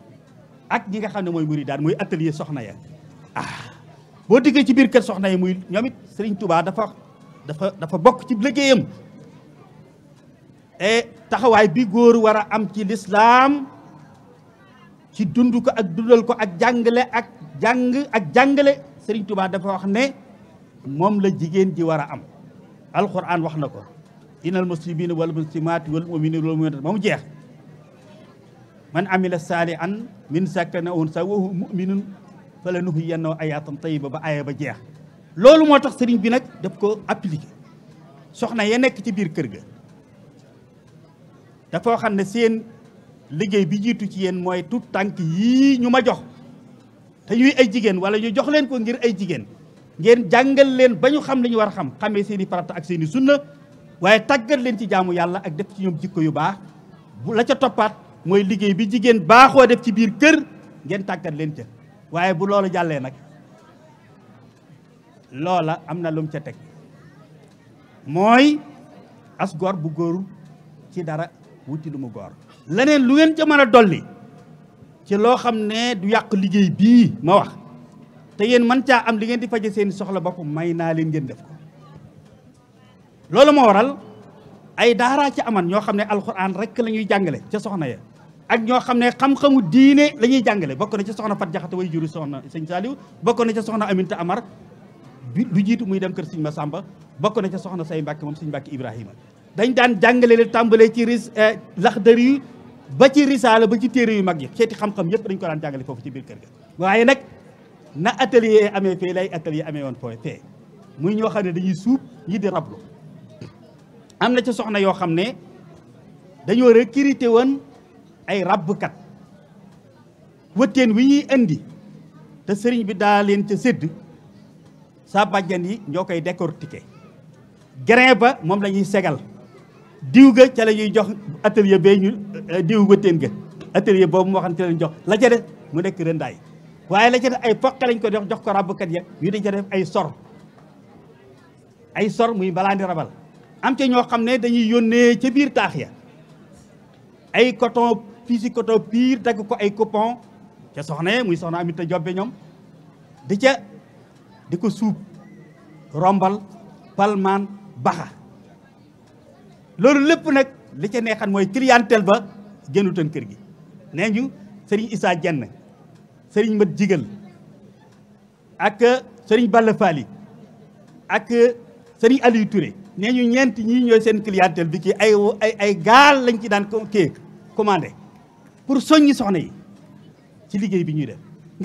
Speaker 1: ak ñi nga xam ne mooy muridaan mooy atelier soxna ya ah. boo diggee ci biir kër soxna yi muy ñoomit it Serigne dafa dafa dafa bokk ci liggéeyam e taxawaay bi góor war a am ci lislaam ci dund ak dundal ko ak jàngale ak jàng ak jàngale Serigne Touba dafa wax ne moom la jigéen ji war a am alquran wax na ko inal muslimina wal muslimaati wal muminina wal muminat moom jeex man amila saalihan min sakkana un sa wa muminun yenn nuhyiyanna hayaatan tayyiba ba ba aaya ba jeex loolu moo tax sëriñ bi nag daf ko appliqué soxna ya nekk ci biir kër ga dafoo xam ne seen liggéey bi jiitu ci yéen mooy tout tànk yii ñu ma jox te ñuy ay jigéen wala ñu jox leen ko ngir ay jigéen ngeen jàngal leen ba ñu xam li ñu war a xam xamee seen i farata ak seen i sunna waaye tàggat leen ci jaamu yàlla ak def ci ñoom jikko yu baax la ca toppaat mooy liggéey bi jigéen baaxoo def ci biir kër ngeen tàggat leen ca waaye bu loolu jàllee nag loola am na lum ca teg mooy as góor bu góor ci dara wuti lu mu góor leneen lu ngeen ca mën a dolli ci loo xam ne du yàq liggéey bii ma wax te yéen man caa am li ngeen di faje seeni soxla bopp may naa leen ngeen def ko loolu moo waral ay daaraa ci aman ñoo xam ne alxuraan rekk la ñuy jàngale ca soxna ya ak ñoo xam ne xam-xamu diine la ñuy jàngale bokk na ci soxna Fat Jaxate way juru soxna sëñ Saliou bokk na ci soxna Aminta Amar bi lu jiitu muy dem kër sëñ Masamba bokk na ca soxna say Mbàkke moom sëñ Mbàkke Ibrahima dañ daan jàngale le tàmbalee ci ris eh, laxdar yi ba ci risaala ba ci téere yu mag yi xeeti xam-xam yëpp dañ ko daan jàngale foofu ci biir kër ga waaye nag na atelier amee fee lay atelier amee woon fooy fee muy ñoo xam ne dañuy suub ñi di rablu am na ca soxna yoo xam ne dañoo recruté woon ay ràbbkat wëtteen wi ñuy indi te sëriñ bi daa leen ca sédd saa bàjjan yi ñoo koy décortiquer grain ba moom lañuy segal diw ga ca la ñuy jox atelier be ñu euh, diw wëtteen ga atelier boobu moo xam ci lañ jox la ca def mu nekk rëndaay waaye la ca def ay poqe lañ ko def jox ko ràbbkat ya ñu dañ ca def ay sor ay sor muy balaa ndi rabal am ca ñoo xam ne dañuy yónnee ca biir taax ya ay koto fii si koto piir dagg ko ay coupon ca soxna ye muy soxna amit te jobbe ñoom di ca di ko suub rombal palmaan baxa loolu lépp nag li ca neexan mooy clientèle ba génnutoon kër gi nee ñu sëriñ Issa Jenn sëriñ Mat Jigal ak sëriñ Balla Fali ak sëriñ Aliou Touré nee ñu ñeent ñii ñooy seen clientèle bi kii ay ay ay gaal lañ ci daan kii commandé pour soññi soxna yi ci liggéey bi ñuy def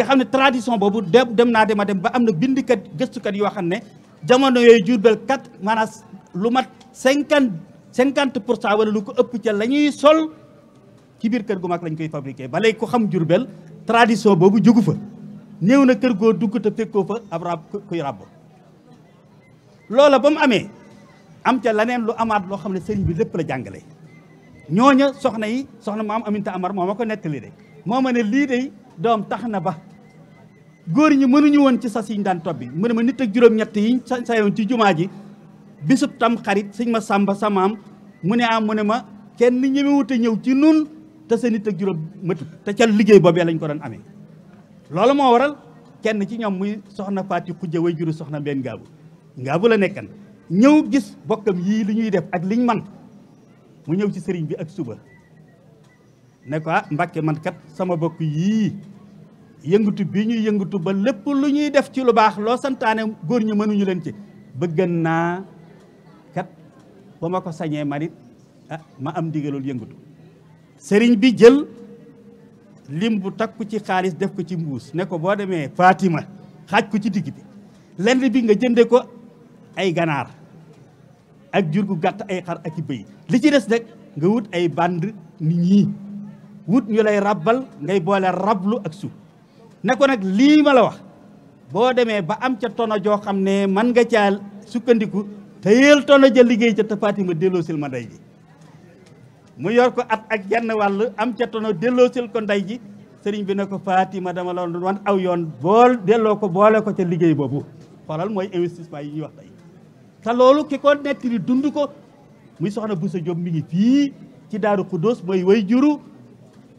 Speaker 1: nga xam ne tradition boobu dem naa dem a dem ba am na bindikat gëstukat yoo xam ne jamono yooyu Jurbel kat maanaam lu mat cinquante cinquante pour cent wala lu ko ëpp ca la ñuy sol ci biir kër gu mag lañ koy fabriqué ba léegi ko xam Jurbel tradition boobu jugu fa néew na kër goo dugg te fekkoo fa ab rab kuy ràbb loola ba mu amee am ca leneen lu amaat loo xam ne sëriñ bi lépp la jàngale ñooña soxna yi soxna maam Aminta Amar moom ma ko nettali de moo ma ne lii de doom tax na ba góor ñi mënuñu woon ci sas yiñ daan tobbi mu ne ma nit ak juróom-ñett yiñ sa sayoon ci jumaa ji bisub tam xarit sëñ ma sàmba sa maam mu ne am ah, mu ne ma kenn ñemewut a ñëw ci nun te sa nit ak juróom matut te ca liggéey boobee lañ ko doon amee loolu moo waral kenn ci ñoom muy soxna Faati Xujja way juru soxna benn ngaabu ngaabu la nekkan ñëw gis bokkam yii li ñuy def ak liñ man mu ñëw ci sëriñ bi ak suba ne ko ah Mbàkke man kat sama bokk yii yëngatu bi ñuy yëngatu ba lépp lu ñuy def ci lu baax loo santaane góor ñi mënuñu leen ci bëggan naa kat boo ma ko sañee man ah ma am ndigalul yëngatu sëriñ bi jël lim bu takku ci xaalis def ko ci mbuus ne ko boo demee Fatima xaaj ko ci digg bi lenn bi nga jënde ko ay ganaar ak jur gu gàtt ay xar ak i bëy li ci des nag nga wut ay band nit ñi wut ñu lay rabbal ngay boole rablu ak suuf ne ko nag lii ma la wax boo demee ba am ca tono joo xam ne man nga caa sukkandiku te yéel tono ja liggéey ca tafatima delloosil ma ndey ji mu yor ko at ak genn wàll am ca tono delloosil ko ndey ji sëriñ bi ne ko Fatima dama la doon wan aw yoon bool delloo ko boole ko ca liggéey boobu xoolal mooy investissement yi ñuy wax tey te loolu ki ko nettali dund ko muy soxna Boussa Diop mi ngi fii ci Daaru Xuddoos mooy way juru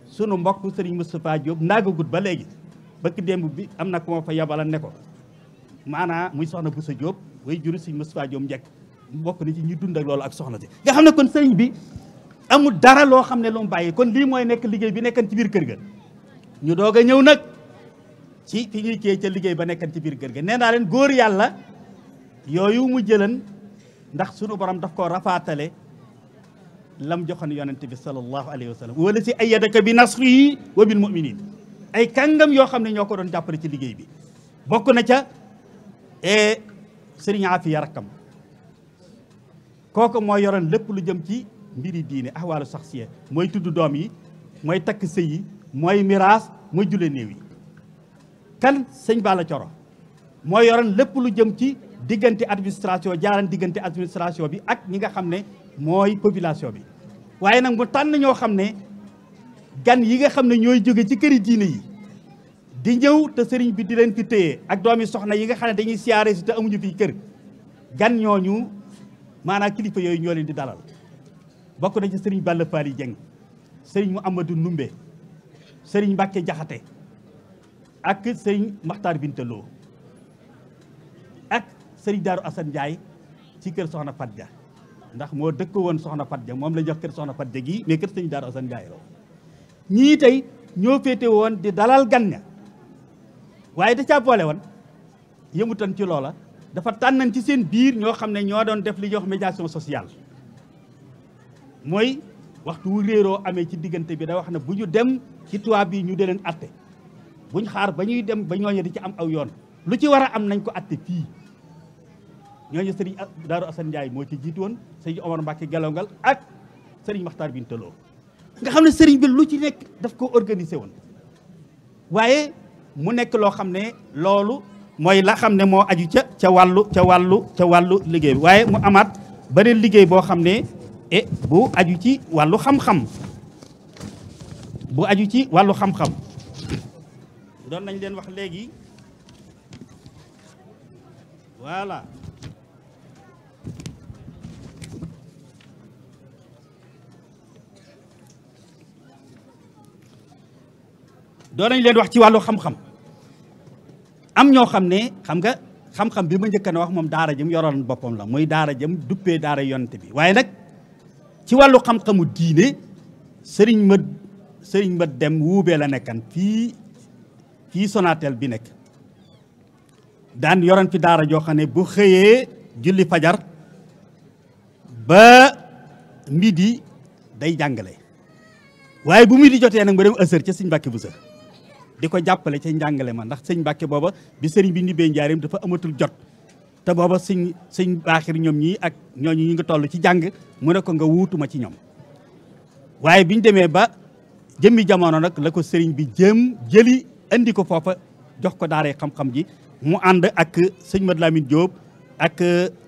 Speaker 1: sunu mbokk sëriñ Moustapha Diop naagagut ba léegi bëkk démb bi am na ko ma fa yabala ne ko maanaa muy soxna Boussa Diop way juru sëriñ Moustapha Diop njekk bokk na ci ñu dund ak loolu ak soxna si nga xam ne kon sëriñ bi amul dara loo xam ne lu mu bàyyi kon lii mooy nekk liggéey bi nekkan ci biir kër ga ñu doog a ñëw nag ci fi ñuy kee ca liggéey ba nekkan ci biir kër ga nee naa leen góor yàlla yooyu mu jëlan ndax sunu borom daf koo rafaatale lam joxoon yonent bi sallallahu alayhi wa sallam wala si ayyadaka bi nasrihi wa bil mu'minin ay kàngam yoo xam ne ñoo ko doon jàppale ci liggéey bi bokk na ca e sëriñ Afiya rakkam kooku moo yoroon lépp lu jëm ci mbiri diine ahwaalu saxsiya mooy tudd doom yi mooy takk sëy yi mooy miraas mooy jule néew yi kan sëñ Bala Coro moo yoroon lépp lu jëm ci diggante administration jaaran diggante administration bi ak ñi nga xam ne mooy population bi waaye nag mu tànn ñoo xam ne gan yi nga xam ne ñooy jóge ci kër yi diine yi di ñëw te sëriñ bi di leen fi téye ak doomi soxna yi nga xam ne dañuy siyaare si te amuñu fi kër gan ñooñu maanaa kilifa yooyu ñoo leen di dalal bokk na ci sëriñ Balla Fally Dieng sëriñ mu Mouhamadou Ndoumbé sëriñ Mbacke Jaxate ak sëriñ Makhtar Bintaloo sëriñ Daaru Assane Ndiaye ci kër Soxna Fatja ndax moo dëkk woon Soxna Fatja moom la jox kër Soxna Fatja gii mais kër sëriñ Daaru Assane Ndiaye la ñii tey ñoo féete woon di dalal gan ña waaye da caa boole woon yëmutan ci loola dafa tànnan ci seen biir ñoo xam ne ñoo doon def li ñuy wax médiation sociale mooy waxtu wu réeroo amee ci diggante bi da wax na bu ñu dem ci tubaab bi ñu di leen atte buñ xaar ba ñuy dem ba ñooñu di ci am aw yoon lu ci war a am nañ ko atte fii ñooñu sëriñ Daaru Assane Ndiaye moo ci jiitu woon sëriñ Omar Mbacke Gelongal ak sëriñ Maxtaar Bintaloo nga xam ne sëriñ bi lu ci nekk daf ko organisé woon waaye mu nekk loo xam ne loolu mooy la xam ne moo aju ca ca wàllu ca wàllu ca wàllu liggéey waaye mu amaat beneen liggéey boo xam ne e, aju ci wàllu xam-xam bu aju ci wàllu xam-xam doon nañ leen wax léegi voilà doonañ leen wax ci wàllu xam-xam am ñoo xam ne xam nga xam-xam bi ma njëkk na wax moom daara jëm yoroon boppam la muy daara jëm duppee daara yonte bi waaye nag ci wàllu xam-xamu diine sëriñ ma sëriñ ma dem wuubee la nekkan fii fii sonaateel bi nekk daan yoroon fi daara joo xam ne bu xëyee julli fajar ba midi day jàngale waaye bu midi jotee nag ma dem ësër ca sëriñ Mbàkke bu sër di ko jàppale ca njàngale ma ndax sëñ Mbàkke booba bi sëriñ bi ñibbee njaarim dafa amatul jot te booba sëñ sëñ baaxir ñoom ñii ak ñooñu ñu ngi toll ci jàng mu ne ko nga wuutuma ci ñoom waaye biñu demee ba jëmmi jamono nag la ko sëriñ bi jëm jëli indi ko foofa jox ko daaree xam-xam ji mu ànd ak sëñ Mad Lamin Jóob ak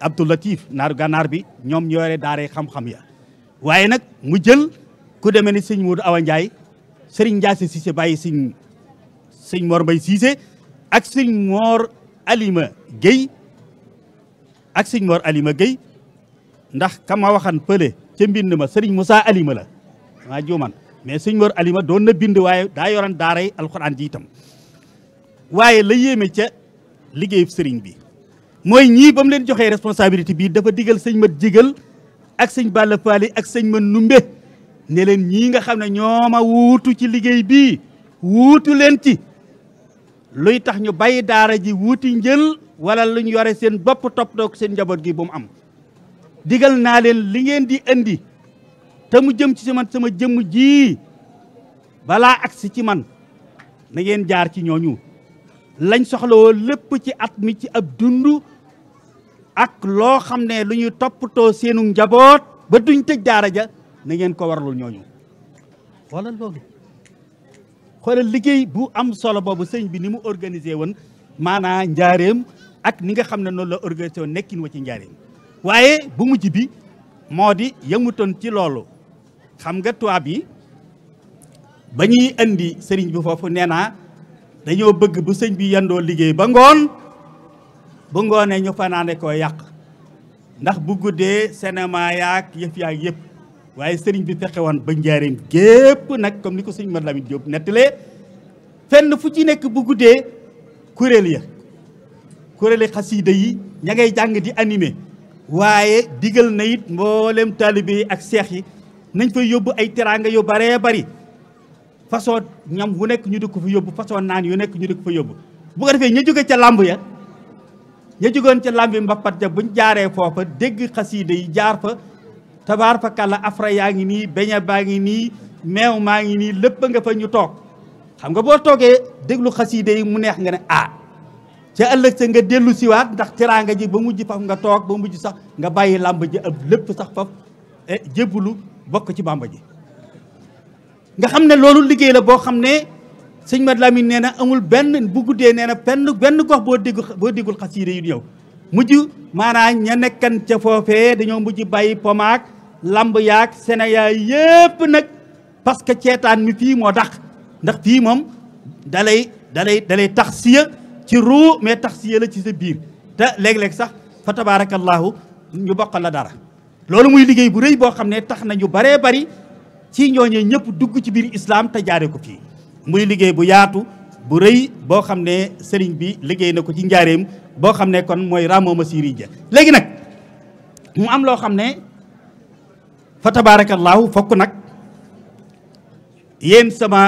Speaker 1: Abdou Latif naaru gànnaar bi ñoom ñoore daaree xam-xam ya waaye nag mu jël ku demee ne sëñ Moodu Awa Njaay sëriñ Njaase Sise bàyyi sëñ sëñ Mor Mbaye Cissé ak sëñ Mor Alima Guèye ak sëñ Mor Alima Guèye ndax kama waxan pële ca mbind ma sëriñ Moussa Alima la maa juuman mais sëñ Mor Alima doon na bind waaye daa yoran daaray alxuraan ji itam waaye la yéeme ca liggéeyu sëriñ bi mooy ñii ba mu leen joxee responsabilité bii dafa digal sëñ mat jigal ak sëñ Balla Faali ak sëñ ma numbe ne leen ñii nga xam ne ñooma wuutu ci liggéey bi wuutu leen ci luy tax ñu bàyyi daara ji wuuti njël wala luñ yore seen bopp toppatoo seen njaboot gi bu mu am digal naa leen li ngeen di indi te mu jëm ci si man sama jëmm ji balaa agsi ci man na ngeen jaar ci ñooñu lañ soxlawoo lépp ci at mi ci ab dund ak loo xam ne lu ñuy toppatoo seenu njaboot ba duñ tëj daara ja na ngeen ko warlul ñooñu xoolal liggéey bu am solo boobu sëñ bi ni mu organisé woon maanaam njaareem ak ni nga xam ne noonu la organisé woon nekkin wa ci njaareem waaye bu mujj bi moo di yëngutoon ci loolu xam nga tubaab yi ba ñuy indi sëriñ bi foofu nee naa dañoo bëgg bu sëñ bi yendoo liggéey ba ngoon bu ngoonee ñu fanaane koo yàq ndax bu guddee cinéma yaak yëf yaak yëpp waaye sëriñ bi fexe woon ba njaareem gépp nag comme ni ko sëñ Mame Lamine Diop nettalee fenn fu ci nekk bu guddee kuréel ya kuréeli xasiida yi ña ngay jàng di anime waaye digal na it mboolem taalibe yi ak seex yi nañ fay yóbbu ay teraanga yu bare bari façon ñam wu nekk ñu di ko fa yóbbu façon naan yu nekk ñu di ko fa yóbbu bu ko defee ña jóge ca làmb ya ña jógoon ca làmb yi mbappat ja buñ jaaree foofa dégg xasiida yi jaar fa tabaar fa kàlla afra yaa ngi nii beña baa ngi nii meew maa ngi nii lépp nga fa ñu toog xam nga boo toogee déglu xasiide yi mu neex nga ne ah ca ëllëg sa nga dellu siwaat ndax teraanga ji ba mujj faf nga toog ba mujj sax nga bàyyi làmb ji ab lépp sax faf e, jébbalu bokk ci bàmba ji nga xam ne loolu liggéey la boo xam ne sëñ ma Lamin nee na amul benn bu guddee nee na benn benn gox boo dégg déggul xasiide yu ñëw mujj maanaam ña nekkan ca foofee dañoo mujj bàyyi pomaak làmb yaag Sénégal yépp nag parce que ceetaan mi fii moo tax ndax fii moom dalay dalay dalay tax siya ci ruu mais tax siya la ci sa biir te léeg-léeg sax fa tabaarakallaahu ñu bokkal la dara loolu muy liggéey bu rëy boo xam ne tax na ñu baree bari ci ñooñee ñëpp dugg ci biir islam te jaaree ko fii muy liggéey bu yaatu bu rëy boo xam ne sëriñ bi liggéey na ko ci njaareem boo xam ne kon mooy ramoo ma siri ja léegi nag mu am loo xam ne fa tabaarakallaahu fokk nag yéen sama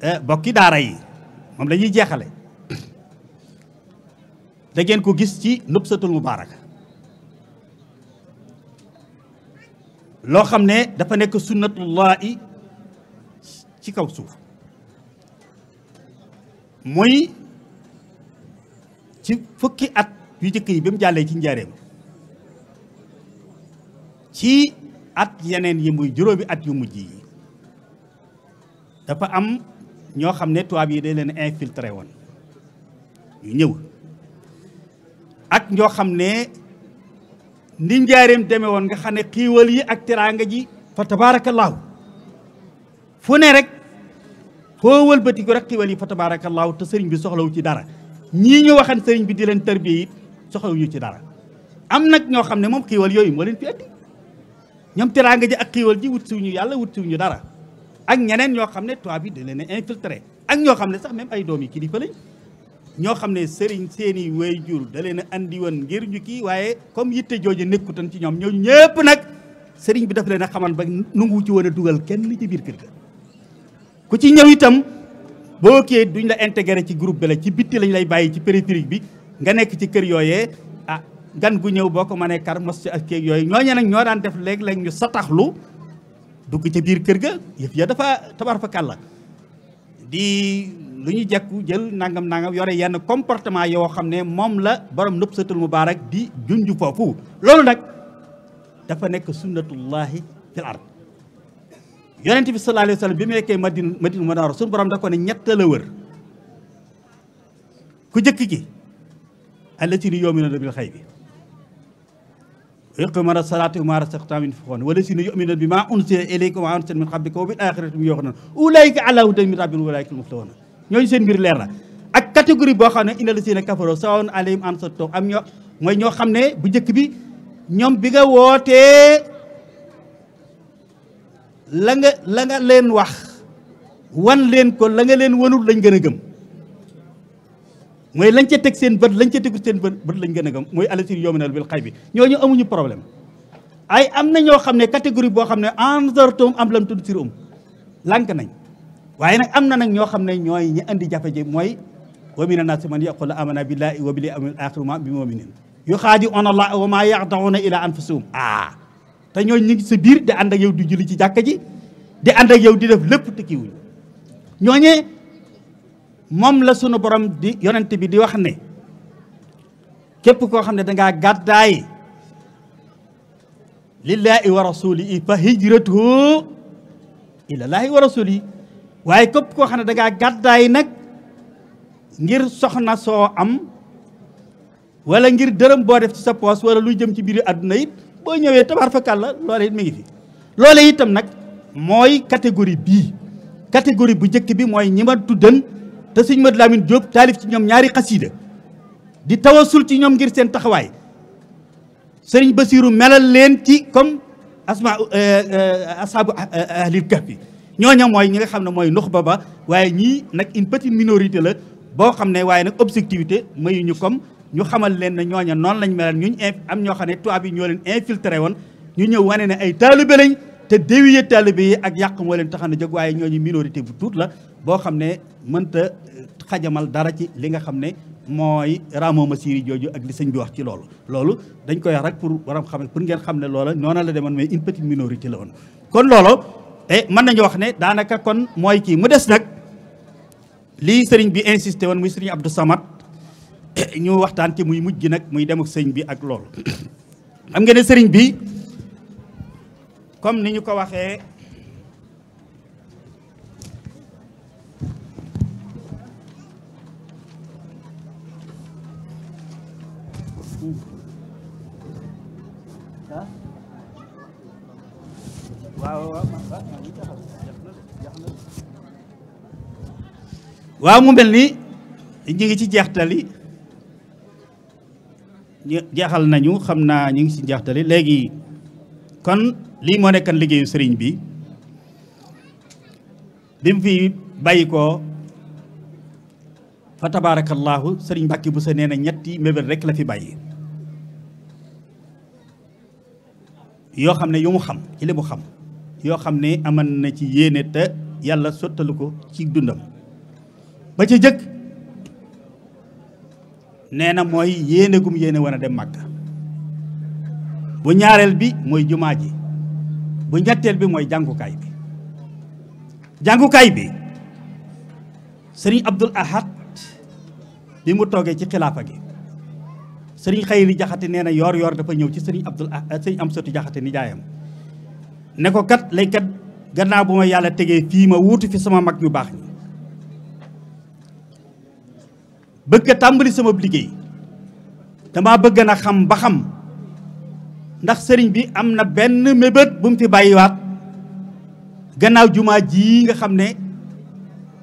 Speaker 1: eh, bokki daara yi moom lañuy jeexale da ko gis ci nubsatul mubaaraka loo xam ne dafa nekk sunnatullahi ci kaw suuf muy ci fukki at yu jëkk yi bi mu jàllee ci njaareem ci at yeneen yi muy juróomi at yu mujj yi dafa am ñoo xam ne tuwaab yi day leen infiltré woon ñu ñëw ak ñoo xam ne ni njaareem demee woon nga xam ne xiiwal yi ak teraanga ji fa tabaarakallaahu fu ne rek foo wëlbati ko rek xiiwal yi fa tabaarakallaahu te sëriñ bi soxlawu ci dara ñii ñu waxan sëriñ bi di leen tarbiya it soxlawuñu ci dara am nag ñoo xam ne moom xiiwal yooyu moo leen fi andi ñoom teraanga ji ak xiiwal ji wut siwuñu yàlla wut siwuñu dara ak ñeneen ñoo xam ne toit bi da leen a ak ñoo xam ne sax même ay doom yi kilifa lañ ñoo xam ne sëriñ seeni waajur da leen a andi woon ngir ñu kii waaye comme yitte jooju nekkutan ci ñoom ñoo ñëpp nag sëriñ bi daf leen a xamal ba nungu ci woon a dugal kenn ci biir kër ku ci ñëw itam boo kee duñu la intégré ci groupe bi la ci bitti lañ lay bàyyi ci périphérique bi nga nekk ci kër yooyee gan gu ñëw boo ko mënee kar mos ci ak kéeg yooyu ñooñe nag ñoo daan def léeg-léeg ñu sataxlu dugg ci biir kër ga yëf ya dafa tabar fa kàlla di lu ñu jekku jël nangam nangam yore yenn comportement yoo xam ne moom la borom nëbsatul mubaarak di junj foofu loolu nag dafa nekk sunnatullahi fil ard yonente bi sallallahu alayhi wa sallam bi mu nekkee madina madina munawwara suñu borom da ko ne la wër ku jëkk ki allati ni yoomi na bil xëy bi iqmar salaati ma rasaqta min fuqon wala si ne yu'minu bi ma unsila ilayka wa unsila min qablika wa bil axirati yoo xam ne ulaayka ala hudan min rabbihim wa ulaayka al-muflihun ñooñu seen mbir leer la ak catégorie boo xam ne inna lazina kafaru sawaa'un alayhim anzartahum am ñoo mooy ñoo xam ne bu jëkk bi ñoom bi nga woote la nga la nga leen wax wan leen ko la nga leen wanul lañ gën a gëm mooy lañ ca teg seen bët lañ ca tegul seen bët bët lañ gën a gëm mooy alasir yominal bil xay bi ñooñu amuñu problème ay am na ñoo xam ne catégorie boo xam ne anzartum am lam tud sir um lànk nañ waaye nag am na nag ñoo xam ne ñooy ñi andi jafe ji mooy wa mina naasi man yaqulu amana billahi wa bil yawmil axir ma bi muminin yuxaadi'uuna allaha wa ma yaxda'uuna ila anfusihum ah te ñooñu ñu ngi sa biir di ànd ak yow di julli ci jàkka ji di ànd ak yow di def lépp te kiiwuñ ñooñee moom la sunu borom di yonent bi di wax ne képp koo xam ne dangaa gàddaay lillaahi wa rasulihi fa hijratuhu ilallaahi wa rasulihi waaye képp koo xam ne dangaa gàddaay nag ngir soxna soo am wala ngir dërëm boo def ci sa poos wala luy jëm ci biir àdduna it boo ñëwee tabaar fakal la loole it mi ngi fi loole itam nag mooy catégorie bii catégorie bu njëkk bi mooy ñi ma tuddan te sëñ Mad daamin Jóob taalif ci ñoom ñaari xasiida di tawasul ci ñoom ngir seen taxawaay sëriñ Basiiru melal leen ci comme asma euh, euh, ashabu euh, ahlil kahfi ñooña mooy ñi nga xam ne mooy nuxba ba waaye ñii nag une petite minorité la boo xam ne waaye nag objectivité mayu ñu comme ñu xamal leen ne ñooña noonu lañ melal ñu am ñoo xam ne tubaab yi ñoo leen infiltré woon ñu ñëw wane ne ay taalibe lañ te déwiye taalibe yi ak yàq moo leen taxan na jóg waaye ñooñu minorité bu tuut la boo xam ne mënta euh, xajamal dara ci li nga xam ne mooy raamoo masiri jooju ak li sëñ bi wax ci loolu loolu dañ koy wax rek pour waram xam ne pour ngeen xam ne loola noona la demoon mais une petite la woon kon loolu te eh, mën nañu wax ne daanaka kon mooy kii mu des nag li sëriñ bi insisté woon muy sëriñ Abdou Samad ñu waxtaan ci muy mujj nag muy dem ak sëriñ bi ak lool xam nga ne sëriñ bi comme ni ñu ko waxee waaw mu mel ni ñu ngi ci jeextali jeexal nañu xam naa ñu ngi ci jeextali léegi kon lii moo nekkan liggéeyu sëriñ bi bi mu fi bàyyi ko fa tabaarakallaahu sëriñ Mbàkke bu sa nee na ñetti mébél rekk la fi bàyyi yoo xam ne yu mu xam ci li mu xam yoo xam ne amal na ci yéene te yàlla sottalu ko ci dundam ba ca jëkk nee na mooy yéene gum yéene war a dem màkka bu ñaareel bi mooy jumaa ji bu ñetteel bi mooy jàngukaay bi jàngukaay bi sëriñ Abdul Ahad li mu toogee ci xilaafa gi sëriñ Xayri Jaxate nee na yoor yoor dafa ñëw ci sëriñ Abdul Ahad sëriñ Amsatu Jaxate nijaayam ne ko kat laykat gannaaw bu ma yàlla tegee fii ma wuutu fi sama mag yu baax ñi bëgg a tàmbali sama liggéey dama bëgg na xam ba xam ndax sëriñ bi am na benn mébét bu mu fi bàyyiwaat gannaaw jumaa ji nga xam ne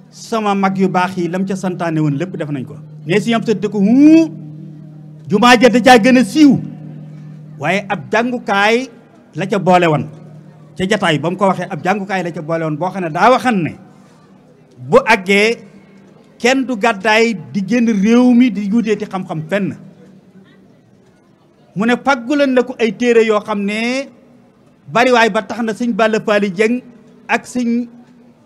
Speaker 1: sama mag yu baax yi lam ca santaane woon lépp def nañ ko ne si yam sëddi ko huu jumaa ja da caa gën a siiw waaye ab jàngukaay la ca boole woon ca jataay ba mu ko waxee ab jàngukaay la ca boole woon boo xam ne daa waxan ne bu àggee kenn du gàddaay di génn réew mi di yuuteeti xam-xam fenn mu ne pàggulan la ko ay téere yoo xam ne bariwaay ba tax na sëñ Balla Faali Jeng ak sëñ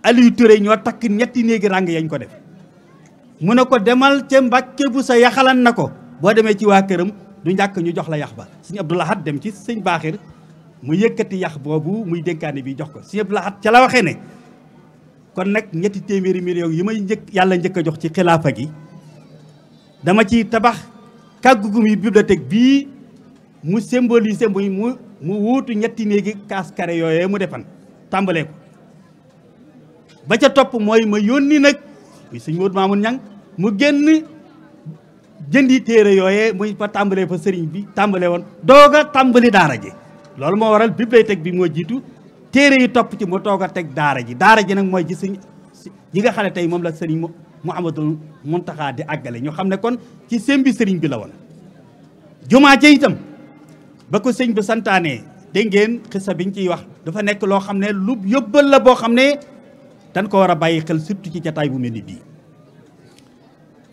Speaker 1: Aliou Touré ñoo takk ñetti néegi ràng yañ ko def mu ne ko demal ca Mbàkke bu sa yaxalan na ko boo demee ci waa këram du njàkk ñu jox la yax ba sëñ Abdoulahat dem ci sëñ Baaxir mu yëkkati yax boobu muy dénkaane bi jox ko sëñ Abdou Lahad ca la waxee ne kon nag ñetti téeméeri millions yi may njëkk yàlla njëkk a jox ci xilaafa gi dama ciy tabax kàggugum yi bibliothèque bii mu symbolise muy mu mu wuutu ñetti néegi kaas kare yooyee mu defan tàmbalee ko ba ca topp mooy ma yónni nag muy sëñ Modou Mamoun Niang mu génn jëndi téere yooyee muy fa tàmbalee fa sëriñ bi tàmbale woon dooga tàmbali daara ji loolu moo waral teg bi moo jiitu téere yi topp ci mu toog a teg daara ji daara ji nag mooy ji sëñ yi nga xam ne tey moom la sëriñ Muhammadul Muntaxa di àggale ñu xam ne kon ci sembi sëriñ bi la woon jumaa ca itam ba ko sëñ bi santaane dégg ngeen xisa biñ ciy wax dafa nekk loo xam ne lu yóbbal la boo xam ne dañ ko war a bàyyi xel surtout ci jataay bu mel ni bi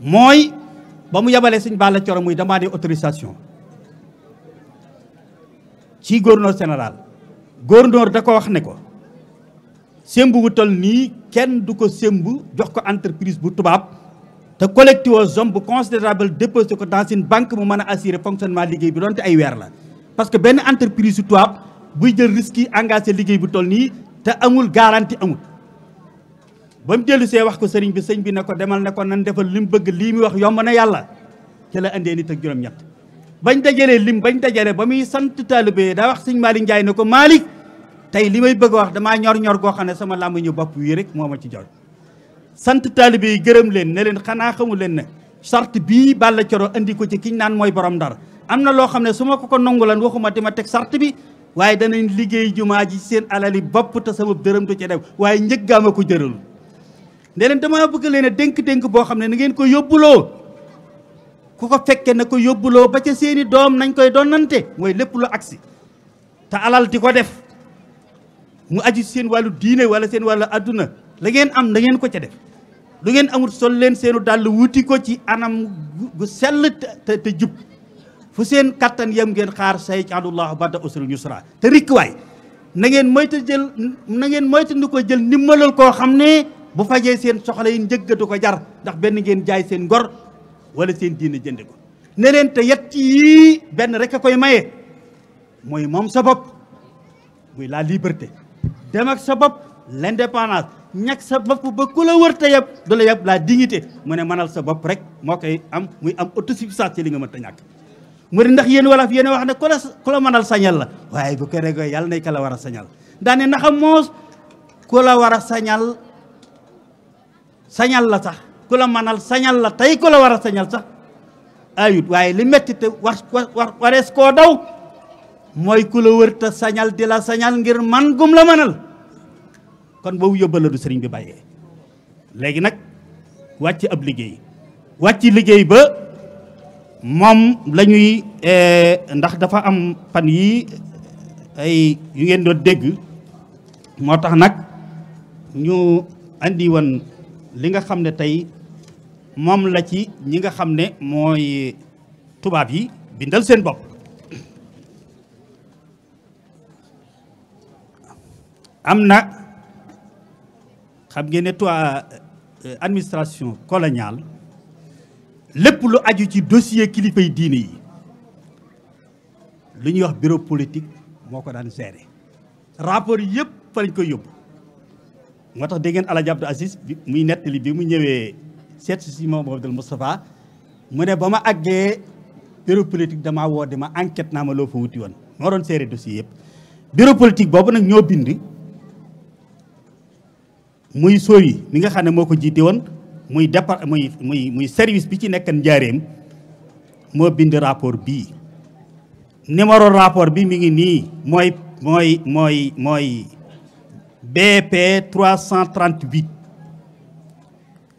Speaker 1: mooy ba mu yabalee sëñ Balla Coro muy demandé autorisation ci gouverneur général gouverneur da ko wax ne ko sémb bu toll nii kenn du ko sémb jox ko entreprise bu tubaab te collecté aux hommes bu considérable déposé ko dans une banque mu mën a assurer fonctionnement liggéey bi doonte ay weer la parce que benn entreprise yu tubaab buy jël risque yi engagé liggéey bu toll nii te amul garantie amul ba mu dellu see wax ko sëriñ bi sëñ bi ne ko demal ne ko nan defal li mu bëgg lii muy wax yomb na yàlla ci la indee nit ak juróom bañ dajalee lim bañ dajale ba muy sant taalibe daa wax sëñ Malick Ndiaye ne ko maali tey li may bëgg a wax damaa ñor-ñor goo xam ne sama làmb bopp wii rek moo ma ci jot. sant taalibe yi gërëm leen ne leen xanaa xamu leen na sart bii Balla Coro indi ko ci kiñ naan mooy borom ndar am na loo xam ne su ma ko ko nangu lan waxuma di ma teg sart bi waaye danañ liggéey jumaa ji seen alali bopp te sama dërëm du ci dem waaye njëggaama ko jëralu ne leen damaa bëgg leen a dénk-dénk boo xam ne na ngeen ko yóbbuloo ku ko fekkee na ko yóbbuloo ba ca seeni doom nañ koy donnante mooy lépp lu agsi te alal di ko def mu aju seen wàllu diine wala seen wàllu adduna la ngeen am da ngeen ko ca def lu ngeen amul sol leen seenu dàll wuti ko ci anam gu sell te jub fu seen kattan yem ngeen xaar say allahu bada usri yusra te rikkuwaay na ngeen moyta jël na ngeen moytandi ko jël ndimbalal koo xam ne bu fajee seen soxla yi njëggatu ko jar ndax benn ngeen jaay seen ngor wala seen diine jënd ko ne leen te yett yii benn rek a koy maye mooy moom sa bopp muy la liberté dem ak sa bopp l'indépendance ñàkk sa bopp ba ku la wër te yab du la yab la dignité mu ne mënal sa bopp rek moo koy am muy am autosuffisance ci li nga mën ta ñàkk mu ne ndax yéen wala fi a wax ne ku la ku mënal sañal la waaye bu ko rego nay ka la war a sañal daane ndax moos ku la war a sañal sañal la sax ku la manal sañal la tey ku la war a sañal sax ayut waaye li metti te war war warees koo daw mooy ku la wër sañal di la sañal ngir man gum la mënal kon boobu yóbbal la du sëriñ bi bàyyee léegi nag wàcc ab liggéey wàcc liggéey ba moom lañuy eh, ndax dafa am fan yii ay yu ngeen doon dégg moo tax nag ñu andi woon li nga xam ne tey moom la ci ñi nga xam ne mooy tubaab yi bindal seen bopp am na xam ngeen ne toi euh, administration coloniale lépp lu aju ci dossier kilifay diine yi lu ñuy wax bureau politique moo ko daan gérer rapport yëpp fa lañ koy yóbbu moo tax dégg ngeen Alaaji Abdou Aziz muy nettali bi mu ñëwee seet si moom Abdul Moustapha mu ne ba ma àggee bureau politique damaa woo di ma enquête naa ma loo fa wuti woon moo doon seere dossier yëpp bureau politique boobu nag ñoo bind muy sooyi mi nga xam ne moo ko jiite woon muy départ muy muy service bi ci nekkan njaareem moo bind rapport bii numéro rapport bi mi ngi nii mooy mooy mooy mooy BP 338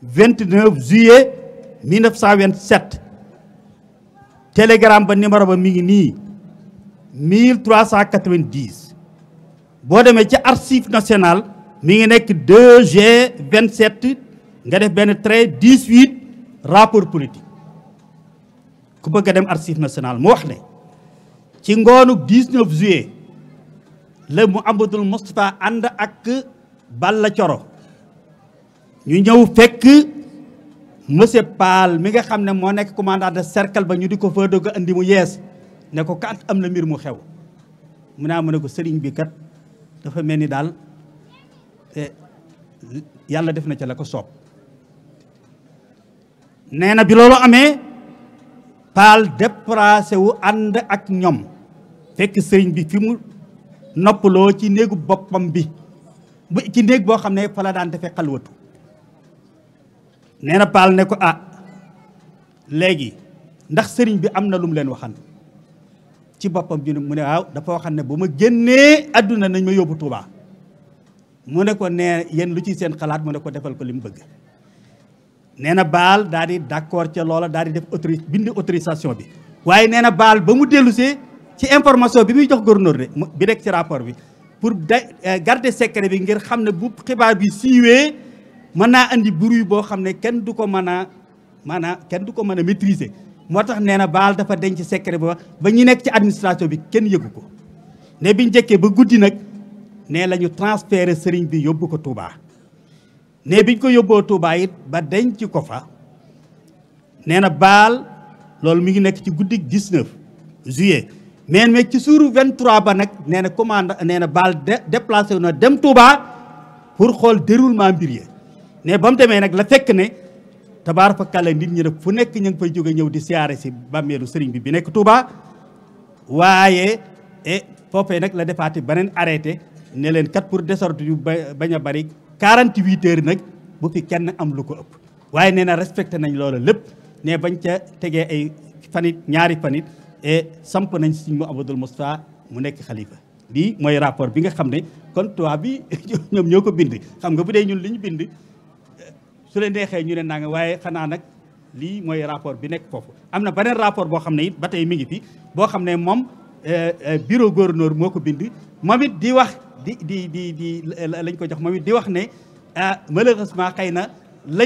Speaker 1: 29 juillet 1927 télégramme ba numéro ba mi ngi nii 1390 boo demee ci archive nationale mi ngi nekk 2G 27 nga def benn trait 18 rapport politique ku bëgg a dem archive nationale mu wax ne ci ngoonu 19 juillet. la mu amatul Moustapha ànd ak Balla Coro ñu ñëw fekk monsieur Paal mi nga xam ne moo nekk commandant de cercle ba ñu di ko fa dogg andi mu yees ne ko kat am na mbir mu xew mu naa ah, mu ne ko sëriñ bi kat dafa mel ni daal eh, yàlla def na ca la ko soob nee na bi loolu amee Paal déplacé ànd ak ñoom fekk sëriñ bi fi mu noppaloo ci néegu boppam bi ci néeg boo xam ne fa la daan defee xalwatu nee na paal ne ko ah léegi ndax sëriñ bi am na lu mu leen waxan ci boppam bi mu ne waaw dafa waxan ne bu ma génnee àdduna nañ ma yóbbu Tuubaa mu ne ko nee yéen lu ci seen xalaat mu ne ko defal ko li mu bëgg nee na baal daal di d'accord ca loola daal di def autorise bindi autorisation bi waaye nee baal ba mu dellusee ci information bi muy jox gouverneur de bi nekk ci rapport bi pour da euh, garder secret bi ngir xam ne bu xibaar bi siiwee mën naa indi bruit boo xam ne kenn du ko mën a maanaam kenn du ko mën a maîtriser moo tax nee na baal dafa denc secret ba ba ñu nekk ci administration bi kenn yëgu ko ne biñ njëkkee ba guddi nag ne la ñu transféré sëriñ bi yóbbu ko Touba ne biñ ko yóbboo Touba yit ba denc ko fa nee na baal loolu mi ngi nekk ci guddi gis 19 juillet mais mais ci vingt trois ba nag nee na commande nee na baal déplacé wu na dem Touba pour xool déroulement mbir yi ne ba mu demee nag la fekk ne tabaar fa kàlla nit ñi nag fu nekk ñu ngi fay jóge ñëw di siyaare si bàmmeelu sëriñ bi bi nekk Touba waaye e foofee nag la defaati beneen arrêté ne leen kat pour désordre yu bañ a bari 48 heures nag bu fi kenn am lu ko ëpp waaye nee na respecté nañ loolu lépp ne bañ ca tegee ay fanit ñaari fanit samp nañ Sëriñ Mouhamadoul Moustapha mu nekk xalifa lii mooy rapport bi nga xam ne kon tubaab bi ñoom ñoo ko bind xam nga bu dee ñun li ñu bind eh, su leen neexee ñu ne naa nga waaye xanaa nag lii mooy rapport bi nekk foofu am na beneen rapport boo xam ne it ba tey mi ngi fi boo xam ne moom eh, eh, bureau gouverneur moo ko bind moom it di wax di di di di lañ ko jox moom it di wax ne malheureusement xëy na la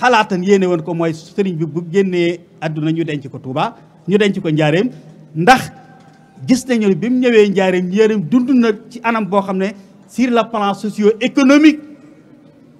Speaker 1: xalaatan yéene woon ko mooy sëriñ bi bu génnee àdduna ñu denc ko Touba ñu denc ko njaareem ndax gis nañu bi mu ñëwee njaareem njaareem dund na ci anam boo xam ne sur la plan socio-économique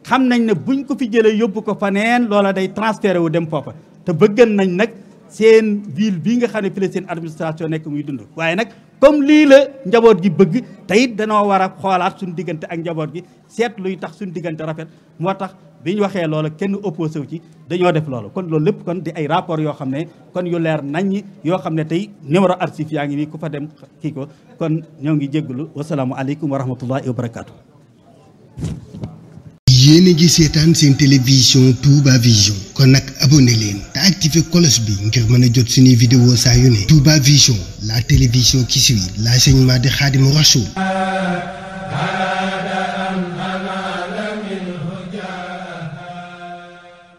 Speaker 1: xam nañ ne buñ ko fi jëlee yóbbu ko fa neen loola day transféré wu dem foofa te bëggan nañ nag seen ville bii nga xam ne fi seen administration nekk muy dund waaye nag comme lii la njaboot gi bëgg te danoo war a xoolaat suñu diggante ak njaboot gi seet luy tax suñu diggante rafet moo tax bi waxee loolu kenn opposé wu ci dañoo def loolu kon loolu lépp kon di ay rapport yoo xam ne kon yu leer naññ yoo xam ne tey numéro arsif yaa ngi nii ku fa dem kii ko kon ñoo ngi jégglu wasalaamu aleykum wa rahmatullahi wa barakaatu. yéen a ngi seetaan seen télévision Touba Vision kon nag abonné leen te activé cloche bi ngir mën a jot suñuy vidéo saa yu ne Touba Vision la télévision qui suit l'enseignement de Khadimou Rassoul